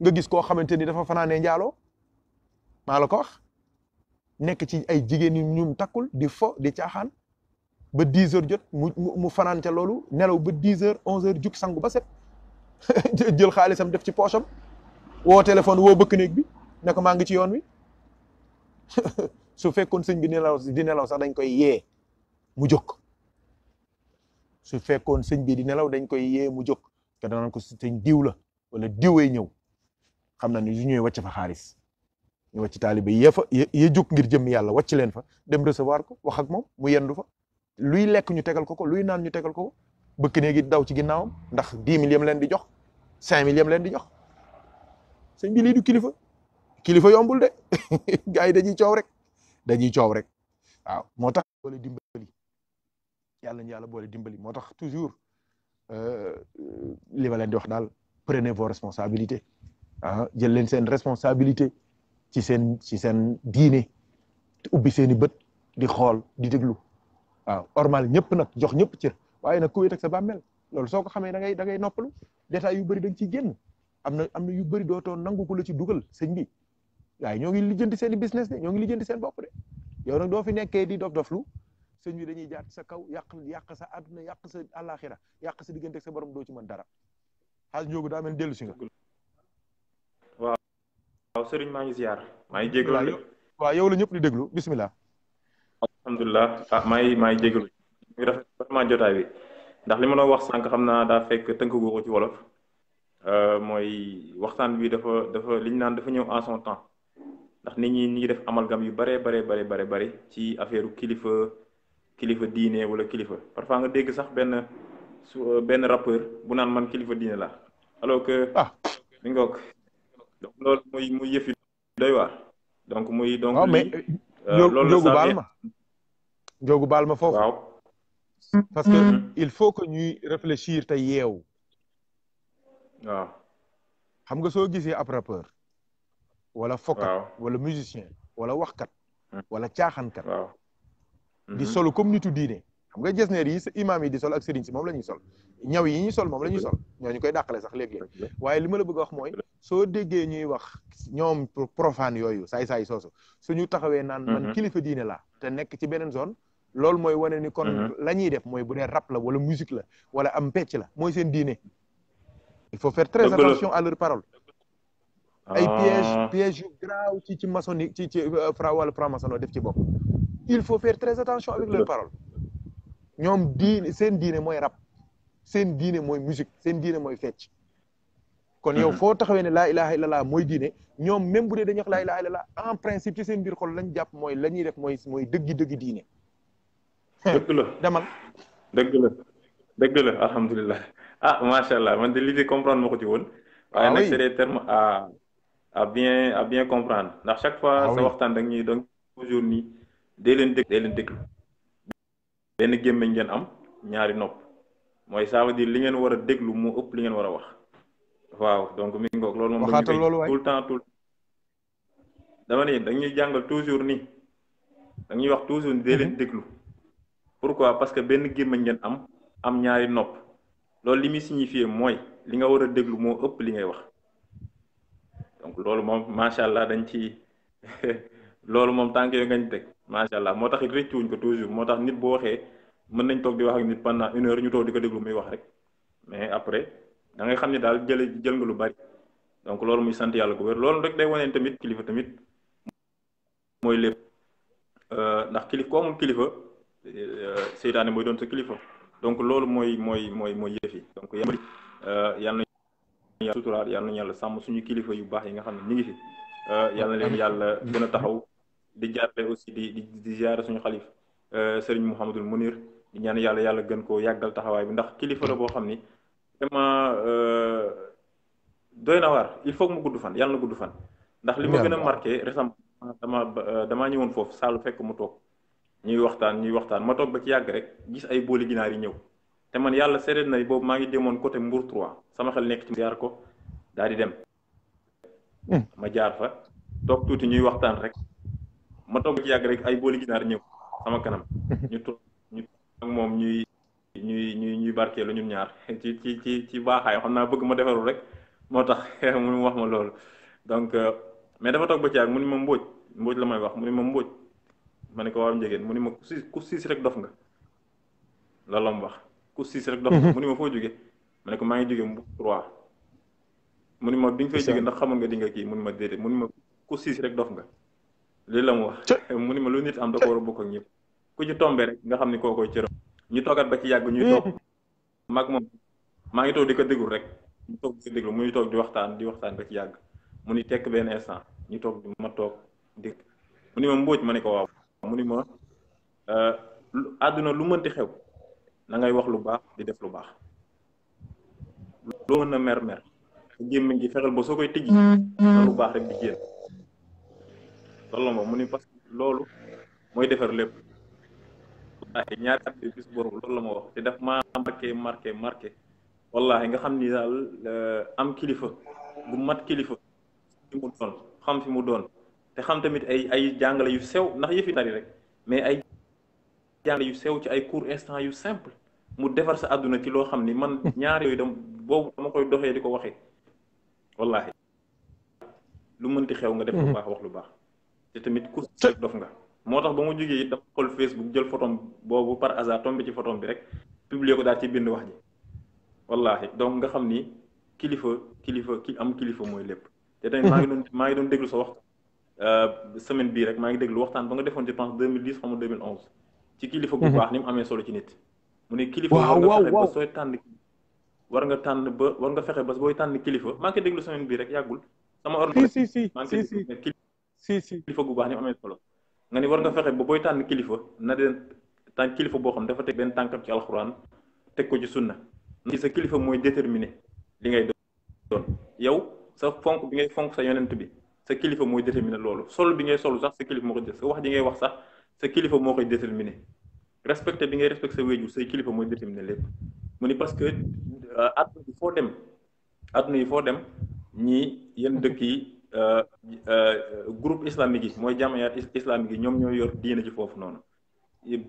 [SPEAKER 1] nga gis koo xamante ni dafa fanaanee njaalo maa la ko wax nekk ci ay jigéen yu ñum takkul di fo di caaxaan ba dix heures jot mu mu fanaan ca loolu nelaw ba dix heures onze heures jug sangu ba set jël xaalisam def ci poosam woo téléphone woo bëkk néeg bi ne maa ngi ci yoon wi su fekkoon sëñ bi nelaw di nelaw sax dañ koy yee mu jóg su fekkoon sëñ bi di nelaw dañ koy yee mu jog te danaan ko sëñ diw la wala diwee ñëw xam na ñu yu ñëwee wàcc fa xaalis ñu wàcc taalibe yee fa yee jóg ngir jëm yàlla wacc leen fa dem recevoir ko wax ak moom mu yendu fa luy lekk ñu tegal ko ko luy naan ñu tegal ko ko bëkk néegi daw ci ginnaawam ndax dix mille yam leen di jox cinq mille yem leen di jox sëñ bi lii kilifa kilifa yombul de gars yi dañuy coow rek dañuy coow rek waaw moo tax wala dimbali yàlla ñu yàlla boole dimbali moo tax toujours euh, euh, li ma leen di wax daal prenez vos responsabilités ah jël seen responsabilité ci seen ci seen diine ubbi seen i bët di xool di déglu waaw ormal ñëpp nag jox ñëpp cër waaye nag ku wéet ak sa bàmmeel loolu soo ko xamee da ngay da ngay noppalu détails yu bëri da nga ciy génn am na am na yu bëri dootoo nangu ko la ci dugal sëñ bi waaye ñoo ngi lijjanti seen i business de ñoo ngi lijjanti seen bopp de yow nag doo fi nekkee di dof doflu sëñ bi dañuy jaar sa kaw yàq yàq sa àdduna yàq sa àllaaxira yàq sa diggante sa borom doo ci mën dara xaaj Ndiogu daa mel dellu si nga.
[SPEAKER 2] waaw. sëriñ maa ngi ziar. maa ngi jégalu waaw yow la ñëpp di déglu bisimilah. alhamdulilah ah maa ngi maa ngi jégalu. ñu vraiment jotaay bi ndax li ma doon wax sànq xam naa daa fekk tënk gu ci wolof. Euh, mooy waxtaan bi dafa dafa li ñu naan dafa ñëw en son temps ndax nit ñi ñu ngi def amalgam yu bare bare bare bare bare ci affaire kilifa kilifa diine wala kilifa parfois nga dégg sax benn su euh, benn rappeur bu naan man kilifa diine la alors ah mi ngoog muy muy yëf yi doy waar. donc muy donc. waaw ah, mais
[SPEAKER 1] euh, euh, baal ma Ndiogou parce que mm-hmm. il faut que ñuy réfléchir te yeewu. xam nga soo gisee ab rappeur. wala fokat wala musicien wala waxkat. Mm. wala caaxaankat. di mhm. solu comme nitu diine xam nga gesneer yi imaam yi di sol ak sëriñ si moom la ñuy sol ñaw yi ñuy sol moom la ñuy sol ñooñu koy dàqale sax léeg-léeg waaye li la bëgg wax mooy soo déggee ñuy wax ñoom profane yooyu saay-saay soosu ñu taxawee naan man mhm. kilifa diine la te nekk ci beneen zone loolu mooy wane ni kon mhm. la ñuy def mooy bu dee rap la wala musique la wala am pecc la mooy seen diine il faut faire très attention à leur parole ay ah. piège piège yu graaw ci ci maçonnique ci ci euh, fra wala franc def ci bopp il faut faire très attention avec leurs paroles ñoom diine seen diine mooy rap seen diine mooy musique seen diine mooy fecc kon yow mhm. foo taxawee ne laa ilaha illallah mooy diine ñoom même bu dee dañuy wax laa ilaha en principe ci seen biir xol lañ jàpp mooy la ñuy def mooy mooy dëggi dëggi diine.
[SPEAKER 2] dëgg la demal. dëgg la dëgg la alhamdulilah ah macha allah man de lii comprendre ma ko woon. Ah waaye nag c'est des termes à bien à bien comprendre ndax chaque fois. Ah sa waxtaan da ñuy donc day leen dégg day leen déglu benn gémmiñ ngeen am ñaari nopp mooy ça veut li ngeen war a déglu moo ëpp li ngeen war a wax waaw donc mi ngoog loolu moom waxaatal loolu waay tout le temps tout dama jàngal toujours nii dañuy wax toujours ni day leen mhm. déglu pourquoi parce que benn gémmiñ ngeen am am ñaari nopp loolu li muy signifier mooy li nga war a déglu moo ëpp li ngay wax donc loolu moom macha allah dañ ci loolu moom tànk yooyu nga ñu teg macha allah moo tax it rëccu wuñ ko toujours moo tax nit bu waxee mën nañ toog di wax ak nit pendant une heure ñu toog di ko déglu muy wax rek mais après da ngay xam ni daal jële jël nga lu bari donc loolu muy sant yàlla ko wér loolu rek day waneen tamit kilifa tamit mooy lépp euh, ndax kilif ko amul kilifa euh, seytaane mooy doon sa kilifa donc loolu mooy mooy mooy mooy yëf yi donc yàlla na yàlla suturaal yàlla na yàlla sàmm suñu kilifa yu baax yi nga xam ne ñu ngi fi euh, yàlla leen yàlla gën taxaw di jàppale aussi di di di ziare suñu xalif euh, Serigne Mouhamadul Mounir di ñaan yàlla yàlla gën koo yàggal taxawaay bi ndax kilifa la boo xam ni vraiment euh, doy na waar il faut que mu gudd fan yàlla na gudd fan. ndax li ma gën a marqué récemment dama damaa ñëwoon foofu saalu fekk mu toog ñuy waxtaan ñuy waxtaan ma toog ba ci yàgg rek gis ay booli ginaar yi ñëw. te man yàlla seereet na boobu maa ngi demoon côté Mbour 3 sama xel nekk ci jaar ko daal di dem. Hmm. ma jaar fa toog tuuti ñuy waxtaan rek. ma toog ci yàgg rek ay booli ginaar ñëw sama kanam ñu toog ñu ak moom ñuy ñuy ñuy ñuy barkeelu ñun ñaar ci ci ci ci baaxaay xam naa bëgg ma defarul rek moo tax mu wax ma loolu donc euh, mais dafa ba ci yàgg mu ni ma mbóoj mbóoj la may wax mu ni ma mbóoj ma ne ko waaw njegéen mu ni ma ku siis rek dof nga loolu la mu wax ku rek dof nga mhm. mu ni ma foo jóge ma ne ko maa ngi jóge mbu trois mu ma bi nga fay jóge xamoon nga di kii mu ma déedéet mu ni ma ku siis rek dof nga lii la mu wax mu ni ma lu nit am da ko war a bokk ak ñëpp ku ci tombé rek nga xam ni koo koy cëram ñu toogaat ba ci yàgg ñuy toog mm. mag moom maa ngi toog di ko déglu rek toog di ko toog di waxtaan di waxtaan ba ci yàgg mu ni tekk benn instant ñu toog di ma toog di mu ma mbóoj ma ne ko waaw mu ni ma euh, àdduna lu mënti xew na ngay wax lu baax di def lu baax loo mën a mer mer gémmiñ gi fexeel ba soo koy tijji mm, lu mm. baax rek di génn loolu mu ni parce que loolu mooy defar lépp wallaahi ñaari at gis loolu la ma wax te daf maa marqué marqué marqué wallaahi nga xam ni daal euh, am kilifa bu mat kilifa fi mu doon xam fi mu doon te xam tamit ay ay jàngale yu sew ndax yëfi tari rek mais ay jàngale yu sew ci ay cours instant yu simple mu defar sa àdduna ci loo xam ni man ñaari yooyu dam boobu dama koy doxee di ko waxee wallaahi lu mënti xew nga def lu mhm. baax wax lu baax te tamit ku si dof nga. moo tax ba mu jógee it dafa xool Facebook jël photom boobu par hasard tombé ci photom bi rek publier ko daal ci bind wax ji wallaahi donc nga xam ni kilifa kilifa ki am kilifa mooy lépp. te tamit maa ngi doon maa ngi doon déglu sa wax euh, semaine bi rek maa ngi déglu waxtaan ba nga defoon ci pense 2010 xam nga 2011. ci kilifa bu mhm. baax ni mu amee solo ci nit. mu ne kilifa war nga fexe ba sooy tànn war nga tànn ba war nga fexe ba booy tànn kilifa maa ngi koy déglu bii rek yàggul. si si kilifa gu baax ni mu amee solo nga ni war nga fexe ba booy tànn kilifa na den tànn kilifa boo xam dafa teg benn tànkam ci alxuraan teg ko ci sunna ci sa kilifa mooy déterminer li ngay doon yow sa fonk bi ngay fonk sa yonent bi sa kilifa mooy déterminer loolu sol bi ngay sol sax sa kilifa moo koy sa wax ji ngay wax sax sa kilifa moo koy déterminer respecté bi ngay respecté sa wéju say kilifa mooy déterminer lépp mu ni parce que àdduna euh, foo dem àdduna yi foo dem ñii yenn dëkk yi Euh, euh, groupe islamique yi mooy jamayaat islamique yi ñoom ñoo yor diine ci foofu noonu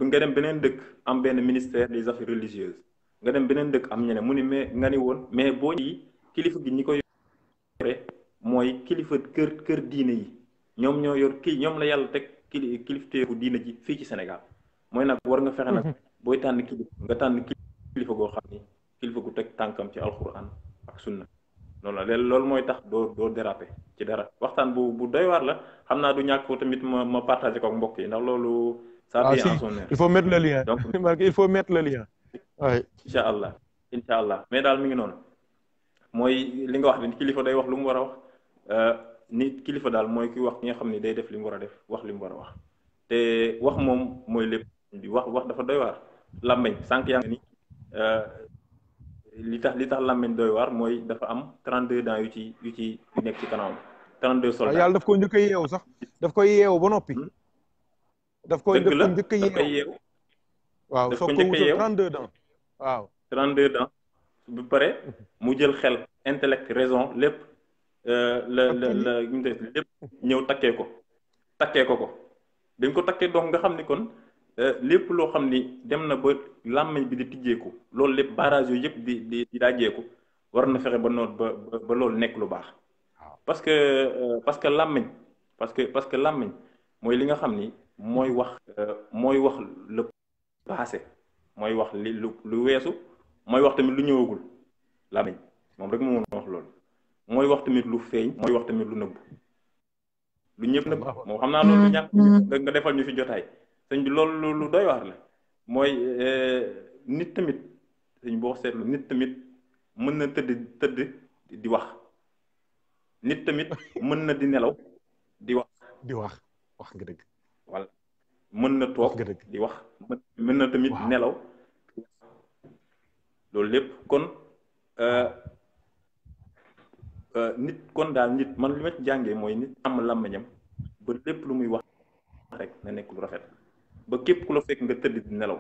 [SPEAKER 2] nga dem beneen dëkk am benn ministère des affaires religieuses nga dem beneen dëkk am ñeneen mu ni mais nga ni woon mais boo yi kilifa gi ñi koy mooy kilifa kër kër diine yi ñoom ñoo yor kii ñoom la yàlla teg kilifa kilifteefu diine ji fii ci Sénégal mooy nag war nga fexe nag mhm. booy tànn kilifa nga tànn kilifa goo xam ni kilifa ku teg tànkam ci alxuraan ak sunna noonu la loolu mooy tax doo doo déraper ci dara waxtaan bu bu doy waar la xam naa du ñàkk tamit ma ma partagé ko mbokk yi ndax loolu. ça vient ah, en son heure il faut
[SPEAKER 1] mettre le lien donc il faut mettre le lien. waay
[SPEAKER 2] incha allah incha mais daal mi ngi noonu mooy li nga wax ni kilifa day wax lu mu war a wax euh, ni kilifa daal mooy ki wax ki nga xam ni day def li mu war a def wax li mu war a wax te wax moom mooy lépp di wax wax dafa doy waar làmmeñ sànq yaa ngi euh, li tax li tax làmmiñ doy waar mooy dafa am 32 dents yu ci yu ci nekk ci kanam 32 soldats yàlla
[SPEAKER 1] daf ko njëkk a yeewu sax daf koy yeewu ba noppi. Hmm?
[SPEAKER 2] daf koy daf ko njëkk a yeewu waaw soo ko wutal 32 dents waaw. 32 dents bu pare mu jël xel intellect raison lépp euh, la la la lépp ñëw takkee ko takkee ko ko dañ ko takkee donc nga xam ni kon. Euh, lépp loo xam ni dem na ba làmmiñ bi di tijjeeku loolu lépp barrage yooyu yëpp di di di war na fexe ba noot ba ba loolu nekk lu baax. parce que euh, parce que làmmiñ parce que parce que làmmiñ mooy li nga xam ni mooy wax euh, mooy wax le passé mooy wax li lu lu weesu mooy wax tamit lu ñëwagul làmmiñ moom rek moo mën a wax loolu mooy wax tamit lu feeñ mooy wax tamit lu nëbb lu ñëpp nëbb moo xam naa loolu ñàkk mm-hmm. nga defal ñu fi jotaay sëñ bi loolu lu doy waar la mooy euh, nit tamit dañ boo seetlu nit tamit mën na tëdd tëdd di wax nit tamit mën na di nelaw di wax. di wax wax nga dëgg. voilà mën na toog di wax mën na tamit nelaw. loolu lépp kon euh, euh, nit kon daal nit man li ma ci jàngee mooy nit am làmmiñam ba lépp lu muy wax rek na nekk lu rafet. ba képp ku la fekk nga tëdd di nelaw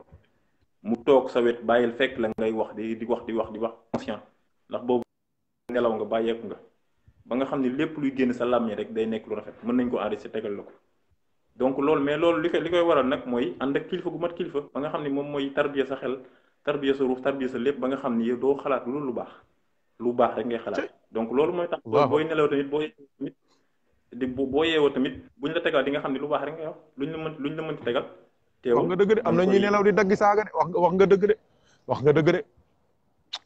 [SPEAKER 2] mu toog sa wet bàyyil fekk la ngay wax di di wax di wax di wax conscient ndax boobu nelaw nga bàyyeeku nga ba nga xam ni lépp luy génn sa làmmiñ rek day nekk lu rafet mën nañ ko enregistré tegal la ko donc loolu mais loolu li li koy waral nag mooy ànd kilifa gu mat kilifa ba nga xam ne moom mooy tarbiya sa xel tarbiya sa ruuf tarbiya sa lépp ba nga xam ne doo xalaat lu lu baax lu baax rek ngay xalaat donc loolu mooy tax booy nelaw tamit booy tamit di boo yeewoo tamit buñ la tegal di nga xam ne lu baax rek ngay wax luñ la mën luñ la mënti tegal wax nga dëgg de am na ñuy nelaw
[SPEAKER 1] di dagg saaga de wax wax nga dëgg de wax nga dëgg de.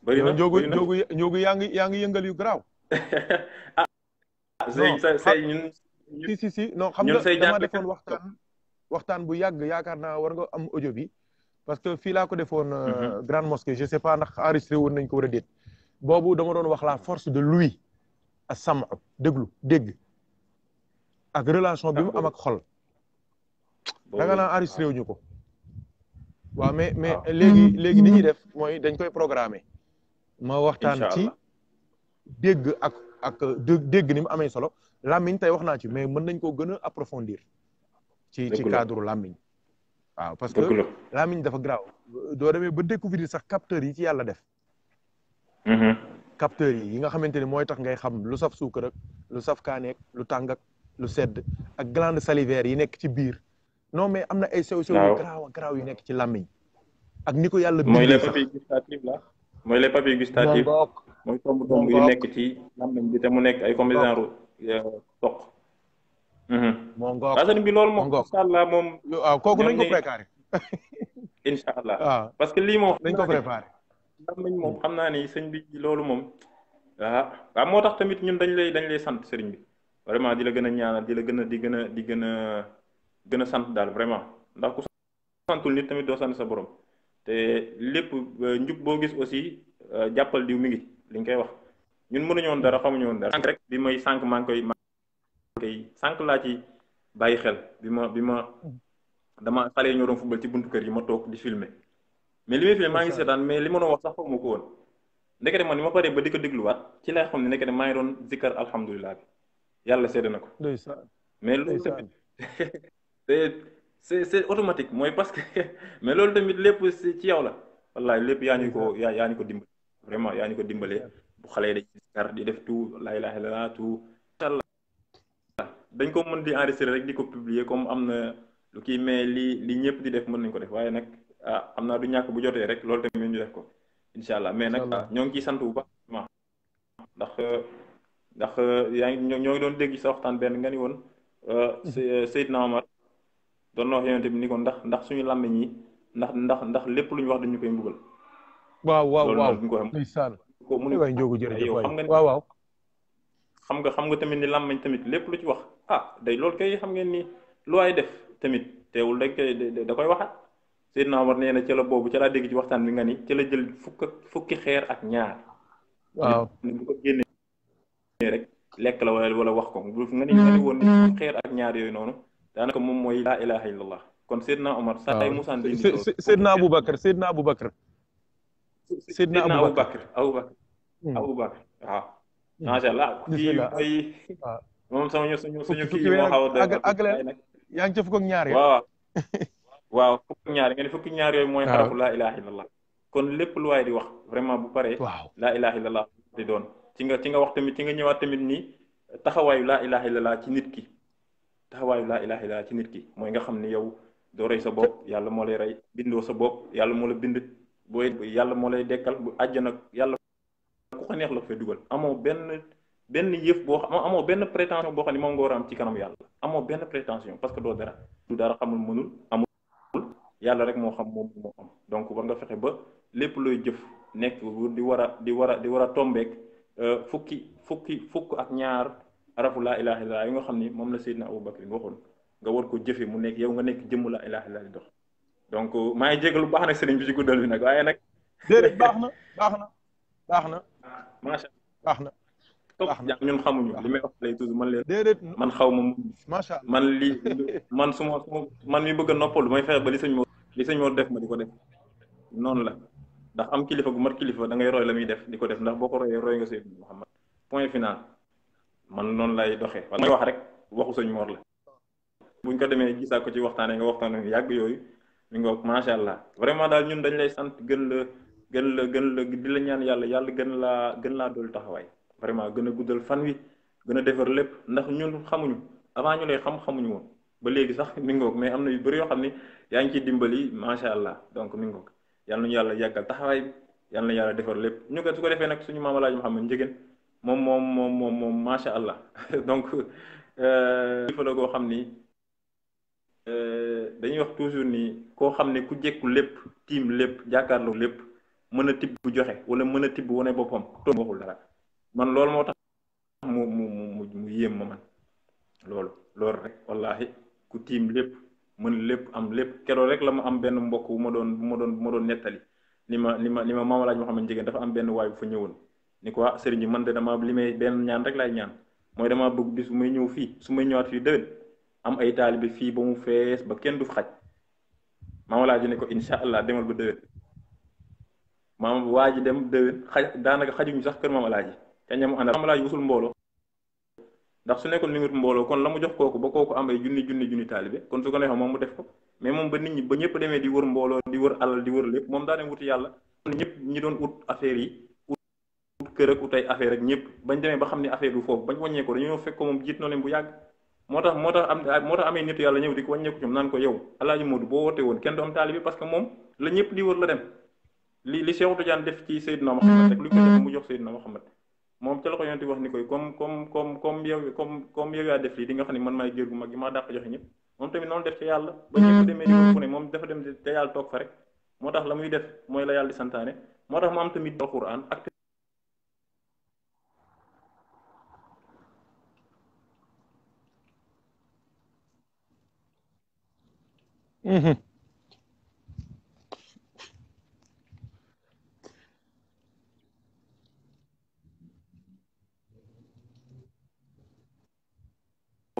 [SPEAKER 1] bëri na yaa ngi yaa ngi yëngal yu garaaw.
[SPEAKER 2] ah. ñun
[SPEAKER 1] si si si non xam nga dama defoon waxtaan. waxtaan bu yàgg yaakaar naa war nga am audio bi. parce que fii laa ko defoon. Euh, mhm. grande mosquée je sais pas ndax enregistré woon nañ ko war a déet. boobu dama doon wax la force de l'ouïe. ak sàmm déglu dégg. ak relation bi mu am ak xol. da nga naan enregistré ah. wuñu ko. waaw mais mais ah. léegi mm-hmm. léegi ni ñuy mm-hmm. def mooy dañ koy programme ma waxtaan ci dégg ak ak dégg ni mu amee solo làmmiñ tey wax naa ci mais mën nañ koo gën a approfondir. ci ci làmmiñ waaw parce que làmmiñ dafa graw doo demee ba découvrir sax capteurs yi ci yàlla def. Mm-hmm. capteurs yi yi nga xamante ni mooy tax ngay xam lu saf suukar ak lu saf kaaneeg lu tàng lu sedd ak glandes salivaires yi nekk ci biir. non mais am na ay sew sew yu garaaw a yu nekk ci làmmiñ ak ni ko yàlla mooy les papiers gustatifs la
[SPEAKER 2] mooy les papiers gustatifs mooy tomb tomb yu nekk ci làmmiñ bi te mu nekk ay comme genre euh, toq mhm. bi loolu moom incha allah moom ah, kooku nañ ko
[SPEAKER 1] allah waaw ah. parce que
[SPEAKER 2] lii moom nañ ko préparé làmmiñ moom xam naa ni sëñ bi loolu moom ah waaw moo tax tamit ñun dañ lay dañ lay sant sëriñ bi vraiment di la gën a ñaanal di la gën a di gën a di gën a gën a sant daal vraiment ndax ku santul nit tamit doo sant sa borom te lépp euh, njub boo gis aussi euh, jàppal diw mi ngi li nga koy wax ñun mënuñu woon dara xamuñu woon dara sànq rek bi may sànq maa ngi koy maa sànq laa ci bàyyi xel bi ma bi ma dama xale yi ñoo doon football ci buntu kër yi ma toog di filmer mais li may filmer maa ngi seetaan mais li ma doon wax sax xaw ma ko woon ndekete man ni ma paree ba di ko dégluwaat ci lay xam ne ndekete maa ngi doon zikkar alhamdulilah bi yàlla sédd na ko mais c'est c'est c'est automatique mooy parce que mais loolu tamit lépp ci yow la wallaay lépp yaa ngi ko yaa yaa ko dimbale vraiment yaa ñu ko dimbalee bu xale yi dañ kar di def tout laa ilaaha illallaah tout inshallah dañ ko mën di enregistrer rek di ko publier comme am na lu kii mais lii li ñëpp di def mën nañ ko def waaye nag ah am naa du ñàkk bu jotee rek loolu tamit ñu def ko incha allah mais nag ñoo ngi ciy sant bu baax ndax ndax yaa ngi ñoo ngi doon dégg sa waxtaan benn nga ni woon euh, mm. Seydina Omar doon na wax yonent bi ni ko ndax ndax suñu làmmiñ yi ndax ndax ndax lépp lu ñu wax dañu koy mbugal.
[SPEAKER 1] waaw waaw waaw ko mu ne waay njóogu jërëjëf waay
[SPEAKER 2] waaw waaw xam nga xam nga tamit ni làmmiñ tamit lépp lu ci wax ah day loolu kay xam ngeen ni lu waay def tamit teewul da koy da koy waxaat Seydina Omar nee na ca boobu ca laa dégg ci waxtaan bi nga ni ca la jël fukk fukki xeer ak ñaar. waaw bu ko génnee rek lekk la wala wax ko. nga ni nga ni mm. woon xeer ak ñaar yooyu noonu. daanaka moom mooy laa ilaha illallah kon Seydina Omar. waaw saa yu musaan di indi loolu Seydina Aboubacar Seydina Aboubacar. Seydina Aboubacar Aboubacar Aboubacar hmm. waaw. Hmm. macha allah kii mooy. moom sama suñu suñu kii moo xaw a.
[SPEAKER 1] yaa ngi ca fukk ak ñaar yooyu.
[SPEAKER 2] waaw waaw ilaha illallah. kon lépp lu waaye di wax vraiment bu pare waaw laa ilaha illallah di doon. ci nga ci nga wax tamit ci nga ñëwaat tamit nii taxawaayu laa ilaha illallah ci nit ki. taxawaayu laa ilaha illa ci nit ki mooy nga xam ni yow doo rey sa bopp yàlla moo lay rey bindoo sa bopp yàlla moo la bind booy yàlla moo lay dekkal bu nag yàlla ku ko neex la ko fay dugal amoo benn benn yëf boo xam amoo benn prétention boo xam ne moom nga war ci kanam yàlla amoo benn prétention parce que doo dara du dara xamul mënul amul yàlla rek moo xam moom moo xam donc war nga fexe ba lépp looy jëf nekk di war a di war a di war a tombeek euh, fukki fukki fukk ak ñaar arafu la ilaha illallah yi nga xam ni moom la Seydina Abu Bakr waxoon nga war ko jëfe mu nekk yow nga nekk jëmm laa ilaha illallah dox donc maa ngi jégalu baax nag sëriñ bi ci guddal bi nag waaye nag. baax na
[SPEAKER 1] baax na baax na. Ah,
[SPEAKER 2] macha allah baax na. baax na ñun xamuñu li may wax lay toujours man leen. man xaw ma macha allah man lii man su ma man mi bëgg a noppalu may fexe ba li sëñ moo li sëñ moo def ma di ko def noonu la ndax am kilifa gu mat kilifa da ngay roy la muy def di ko def ndax boo ko royee roy nga Seydina Muhammad point final. man noonu lay doxee wala may wax rek waxu sëñ Mor la bu buñ ko demee gisaa ko ci waxtaanee nga waxtaan ak yàgg yooyu mi ngoog macha allah vraiment daal ñun dañ lay sant gën la gën la gën la di la ñaan yàlla yàlla gën laa gën laa dool taxawaay vraiment gën a guddal fan wi gën a defar lépp ndax ñun xamuñu avant ñu lay xam xamuñu woon ba léegi sax mi ngoog mais am na yu bëri yoo xam ni yaa ngi ciy dimbali macha allah donc mi ngoog yàlla nañu yàlla yàggal taxawaay bi yàlla na yàlla defar lépp ñu ko su ko defee nag suñu maam Alaaji Muhammad Njëgéen moom moom moom moom moom macha allah donc euh, kilifa la goo xam ni euh, dañuy wax toujours nii koo xam ne ku jekku lépp tiim lépp jàkkaarloo lépp mën a tibb bu joxe wala mën a tibb wane boppam toog waxul dara man loolu moo tax mu mu mu mu yéem ma man loolu loolu rek wallahi ku tiim lépp mën lépp am lépp keroog rek la ma am benn mbokk bu ma doon bu ma doon ma doon nettali ni ma ni ma ni ma maamalaaj moo xam ne jigéen dafa am benn waay bu fa ñëwoon ni ko ah sëriñ bi man de dama li may benn ñaan rek laay ñaan mooy dama bëgg bis bu may ñëw fii su may ñëwaat fii déwén am ay taalibe fii ba mu fees ba kenn du xaj maama laa ji ne ko incha allah demal ba déwén maam waa ji dem déwén xaj daanaka xajuñu sax kër maama laa ji te ñamu àndal maama laa ji mbooloo ndax su nekkoon limit mbooloo kon la mu jox kooku ba kooku am ay junni junni junni taalibe kon su ko neexee moom mu def ko mais moom ba nit ñi ba ñëpp demee di wër mbooloo di wër alal di wër lépp moom daa wuti yàlla ñëpp ñi doon ut affaire yi ut kër ak ut ay affaire ak ñëpp bañ demee ba xam ne affaire du foofu bañ wàññee dañoo fekk ko moom jiit na leen def ci Seydina Muhammad def mu di moom tamit noonu def ca yàlla ba ñëpp demee di moom dafa dem ca yàlla toog fa rek moo tax la muy def mooy la yàlla di santaane moo tax mu am tamit alquran Mm-hmm.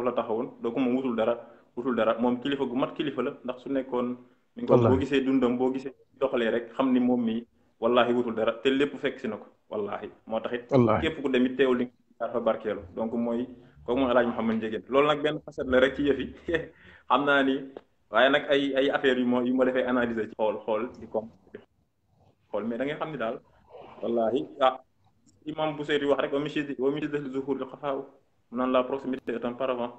[SPEAKER 2] la taxawoon donc moom wutul dara wutul dara moom kilifa gu mat kilifa la ndax su nekkoon mi ngi boo gisee dundam boo gisee doxalee rek xam ni moom mi wallahi wutul dara te lépp fekk si na ko wallahi moo tax it képp ku demit teewul li nga fa barkeelu donc mooy kooku mooy alaaj Mouhamed Ndiéguène loolu nag benn facette la rek ci yëf xam naa ni waaye nag ay ay affaire yu ma yu ma defee analyser ci xool xool di comme xool mais da ngay xam ni daal wallahi ah imam Buseyri wax rek wa mishid wa mishid al zuhur al xafaaw mu naan la proximité est un paravent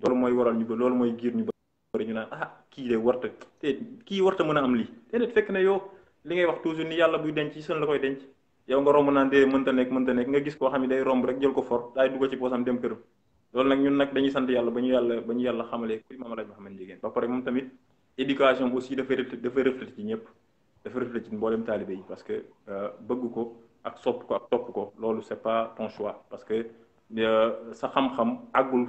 [SPEAKER 2] loolu mooy waral ñu ba loolu mooy giir ñu bëri ñu naan ah kii de warta te kii warta mën a am lii déedéet fekk na yow li ngay wax toujours ni yàlla buy denc ci seen la koy denc yow nga romb naan dee mënta nekk mënta nekk nga gis koo xam ne day romb rek jël ko for daay dugg dem këram loolu nag ñun nag dañuy sant yàlla ba ñu yàlla ba ñu yàlla xamalee kuy Maam Alaaji Mouhamed Ndiéguène ba pare moom tamit éducation bi aussi dafay dafay reflété ci ñëpp dafay reflété ci mboolem taalibe yi parce que euh, bëgg ko ak sopp ko ak topp ko loolu c'est pas ton choix parce que euh, sa xam-xam àggul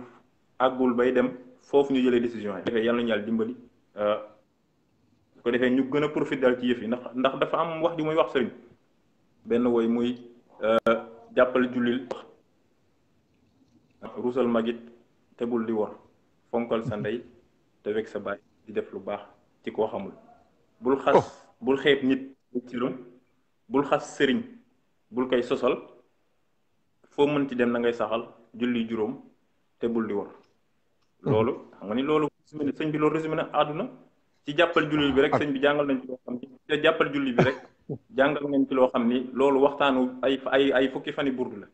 [SPEAKER 2] àggul bay dem foofu ñu jëlee décision yi. defee yàlla nañu yàlla dimbali su euh, ko defee ñu gën a profité daal ci yëf yi ndax ndax dafa am wax ju muy wax sëriñ benn woy muy jàppal jullil ruusal magit te bul di wor fonkal sa ndey te weg sa baay di def lu baax ci koo xamul bul xas oh. bul xeeb nit ciram bul xas sëriñ bul koy sosal foo mën ci dem na ngay saxal julli juróom te bul di wor hmm. loolu xam ni loolu résumé sëñ bi loolu résumé na àdduna ci jàppal julli bi rek sëñ bi jàngal nañ ci xam bi jàngal nañ ci loo xam ni loolu waxtaanu ay ay ay fukki fani burdu la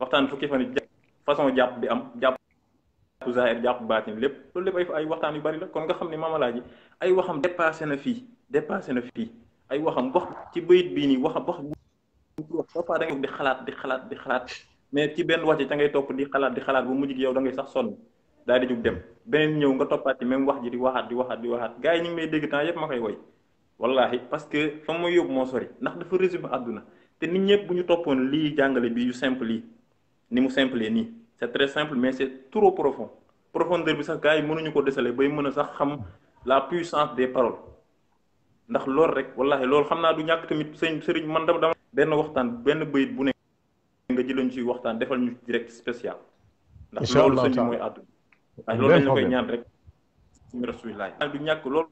[SPEAKER 2] waxtaan fukki fani façon jàpp bi am jàpp zahir jàpp baatin lépp loolu lépp ay waxtaan yu bari la kon nga xam ne mamalaaji ay waxam dépassé na fii dépassé na fii ay waxam wax ci bayit bii nii wax wax parfois da ngay di xalaat di xalaat di xalaat mais ci benn wax ji da ngay topp di xalaat di xalaat bu mujj yow da ngay sax sonn daal di jug dem beneen ñëw nga toppaat ci même wax ji di waxaat di waxaat di waxaat gars yi ñu ngi may dégg temps yëpp ma koy woy wallahi parce que fa ma yóbbu moo sori ndax dafa résumé àdduna te nit ñëpp bu ñu toppoon lii jàngale bi yu simple yi ni mu simple nii c'est très simple mais c'est trop profond profondeur bi sax gars yi mënuñu ko déceler bay mën a sax xam la puissance des paroles ndax loolu rek wallahi loolu xam naa du ñàkk tamit sëñ sëriñ man dama dama benn waxtaan benn bayit bu ne nga jëloon ci waxtaan defal ñu direct spécial
[SPEAKER 3] ndax loolu sëñ bi mooy
[SPEAKER 2] àddu waaye loolu dañ la koy ñaan rek suñu rasulilah du ñàkk loolu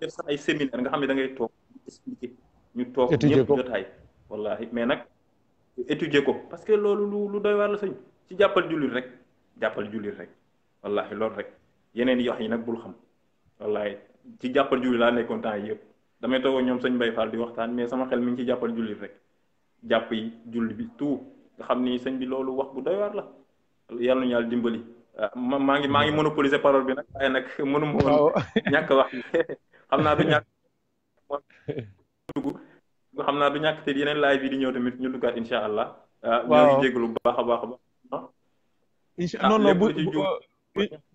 [SPEAKER 2] def sax ay séminaire nga xam ne da ngay toog expliqué ñu toog ñëpp jotaay wallahi mais nag étudier ko parce que loolu lu lu doy waar la sëñ ci jàppal jullit rek jàppal jullit rek wallahi loolu rek yeneen yox yi nag bul xam wallahi ci jàppal jullit laa nekkoon temps yëpp damay toog ñoom sëñ Baye Fall di waxtaan mais sama xel mi ngi ci jàppal jullit rek jàpp yi julli bi tout nga xam ni sëñ bi loolu wax bu doy waar la yàlla ñu yàlla dimbali. ma maa ngi maa ngi monopoliser parole bi nag waaye nag mënu ma woon ñàkk wax xam naa du ñàkk ko xam naa du ñàkk te yeneen live yi di ñëw tamit ñu duggaat incha allah. waaw uh, ñoo ngi bu baax a a baax.
[SPEAKER 1] incha ah, non non bu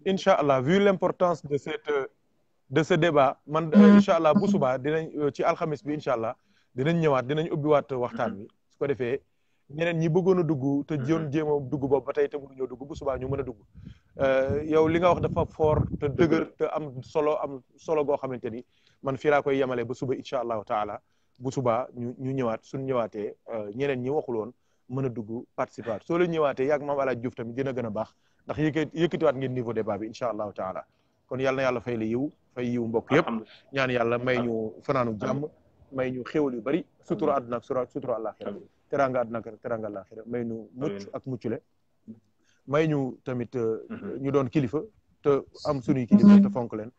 [SPEAKER 1] incha de cette de ce man mm-hmm. incha allah bu subaa dinañ euh, ci alxamis bi incha allah dinañ ñëwaat dinañ ubbiwaat waxtaan bi mm-hmm. su ko defee. ñeneen ñi bëggoon a dugg te mm-hmm. joon jéem a dugg ba tey te ñëw dugg bu subaa ñu mën a dugg euh, yow li nga wax dafa foor te dëgër te am solo am solo goo xamante ni man fii laa koy yemale ba suba incha allahu taala bu subaa ñu ñu ñëwaat suñ ñëwaatee euh, ñeneen ñi waxuloon mën a dugg participer soo leen ñëwaatee yàgg maam alaaj Diouf tamit dina gën a baax ndax yëkk yëkkatiwaat ngeen niveau débat bi incha allahu taala kon yal na yàlla fay la yiw fay yiw mbokk yëpp ñaan yàlla may ñu fanaanu jàmm may ñu xéwal yu bari sutura àdduna ak sutura àllaaxira teranga àdduna ak teranga àllaaxira may ñu mucc ak muccule may ñu tamit euh, mm-hmm. ñu doon kilifa te am sunuy kilifa te fonk leen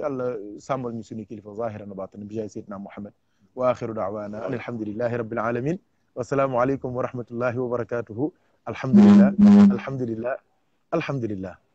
[SPEAKER 1] yàlla sàmmal ñu suñuy kilifa zahiran wa baatinan bi jaay seydina wa axiru daawaana an alhamdulillahi rabbil alamin wasalaamu aleykum wa rahmatullahi wa barakatuhu alhamdulillah alhamdulillah alhamdulillah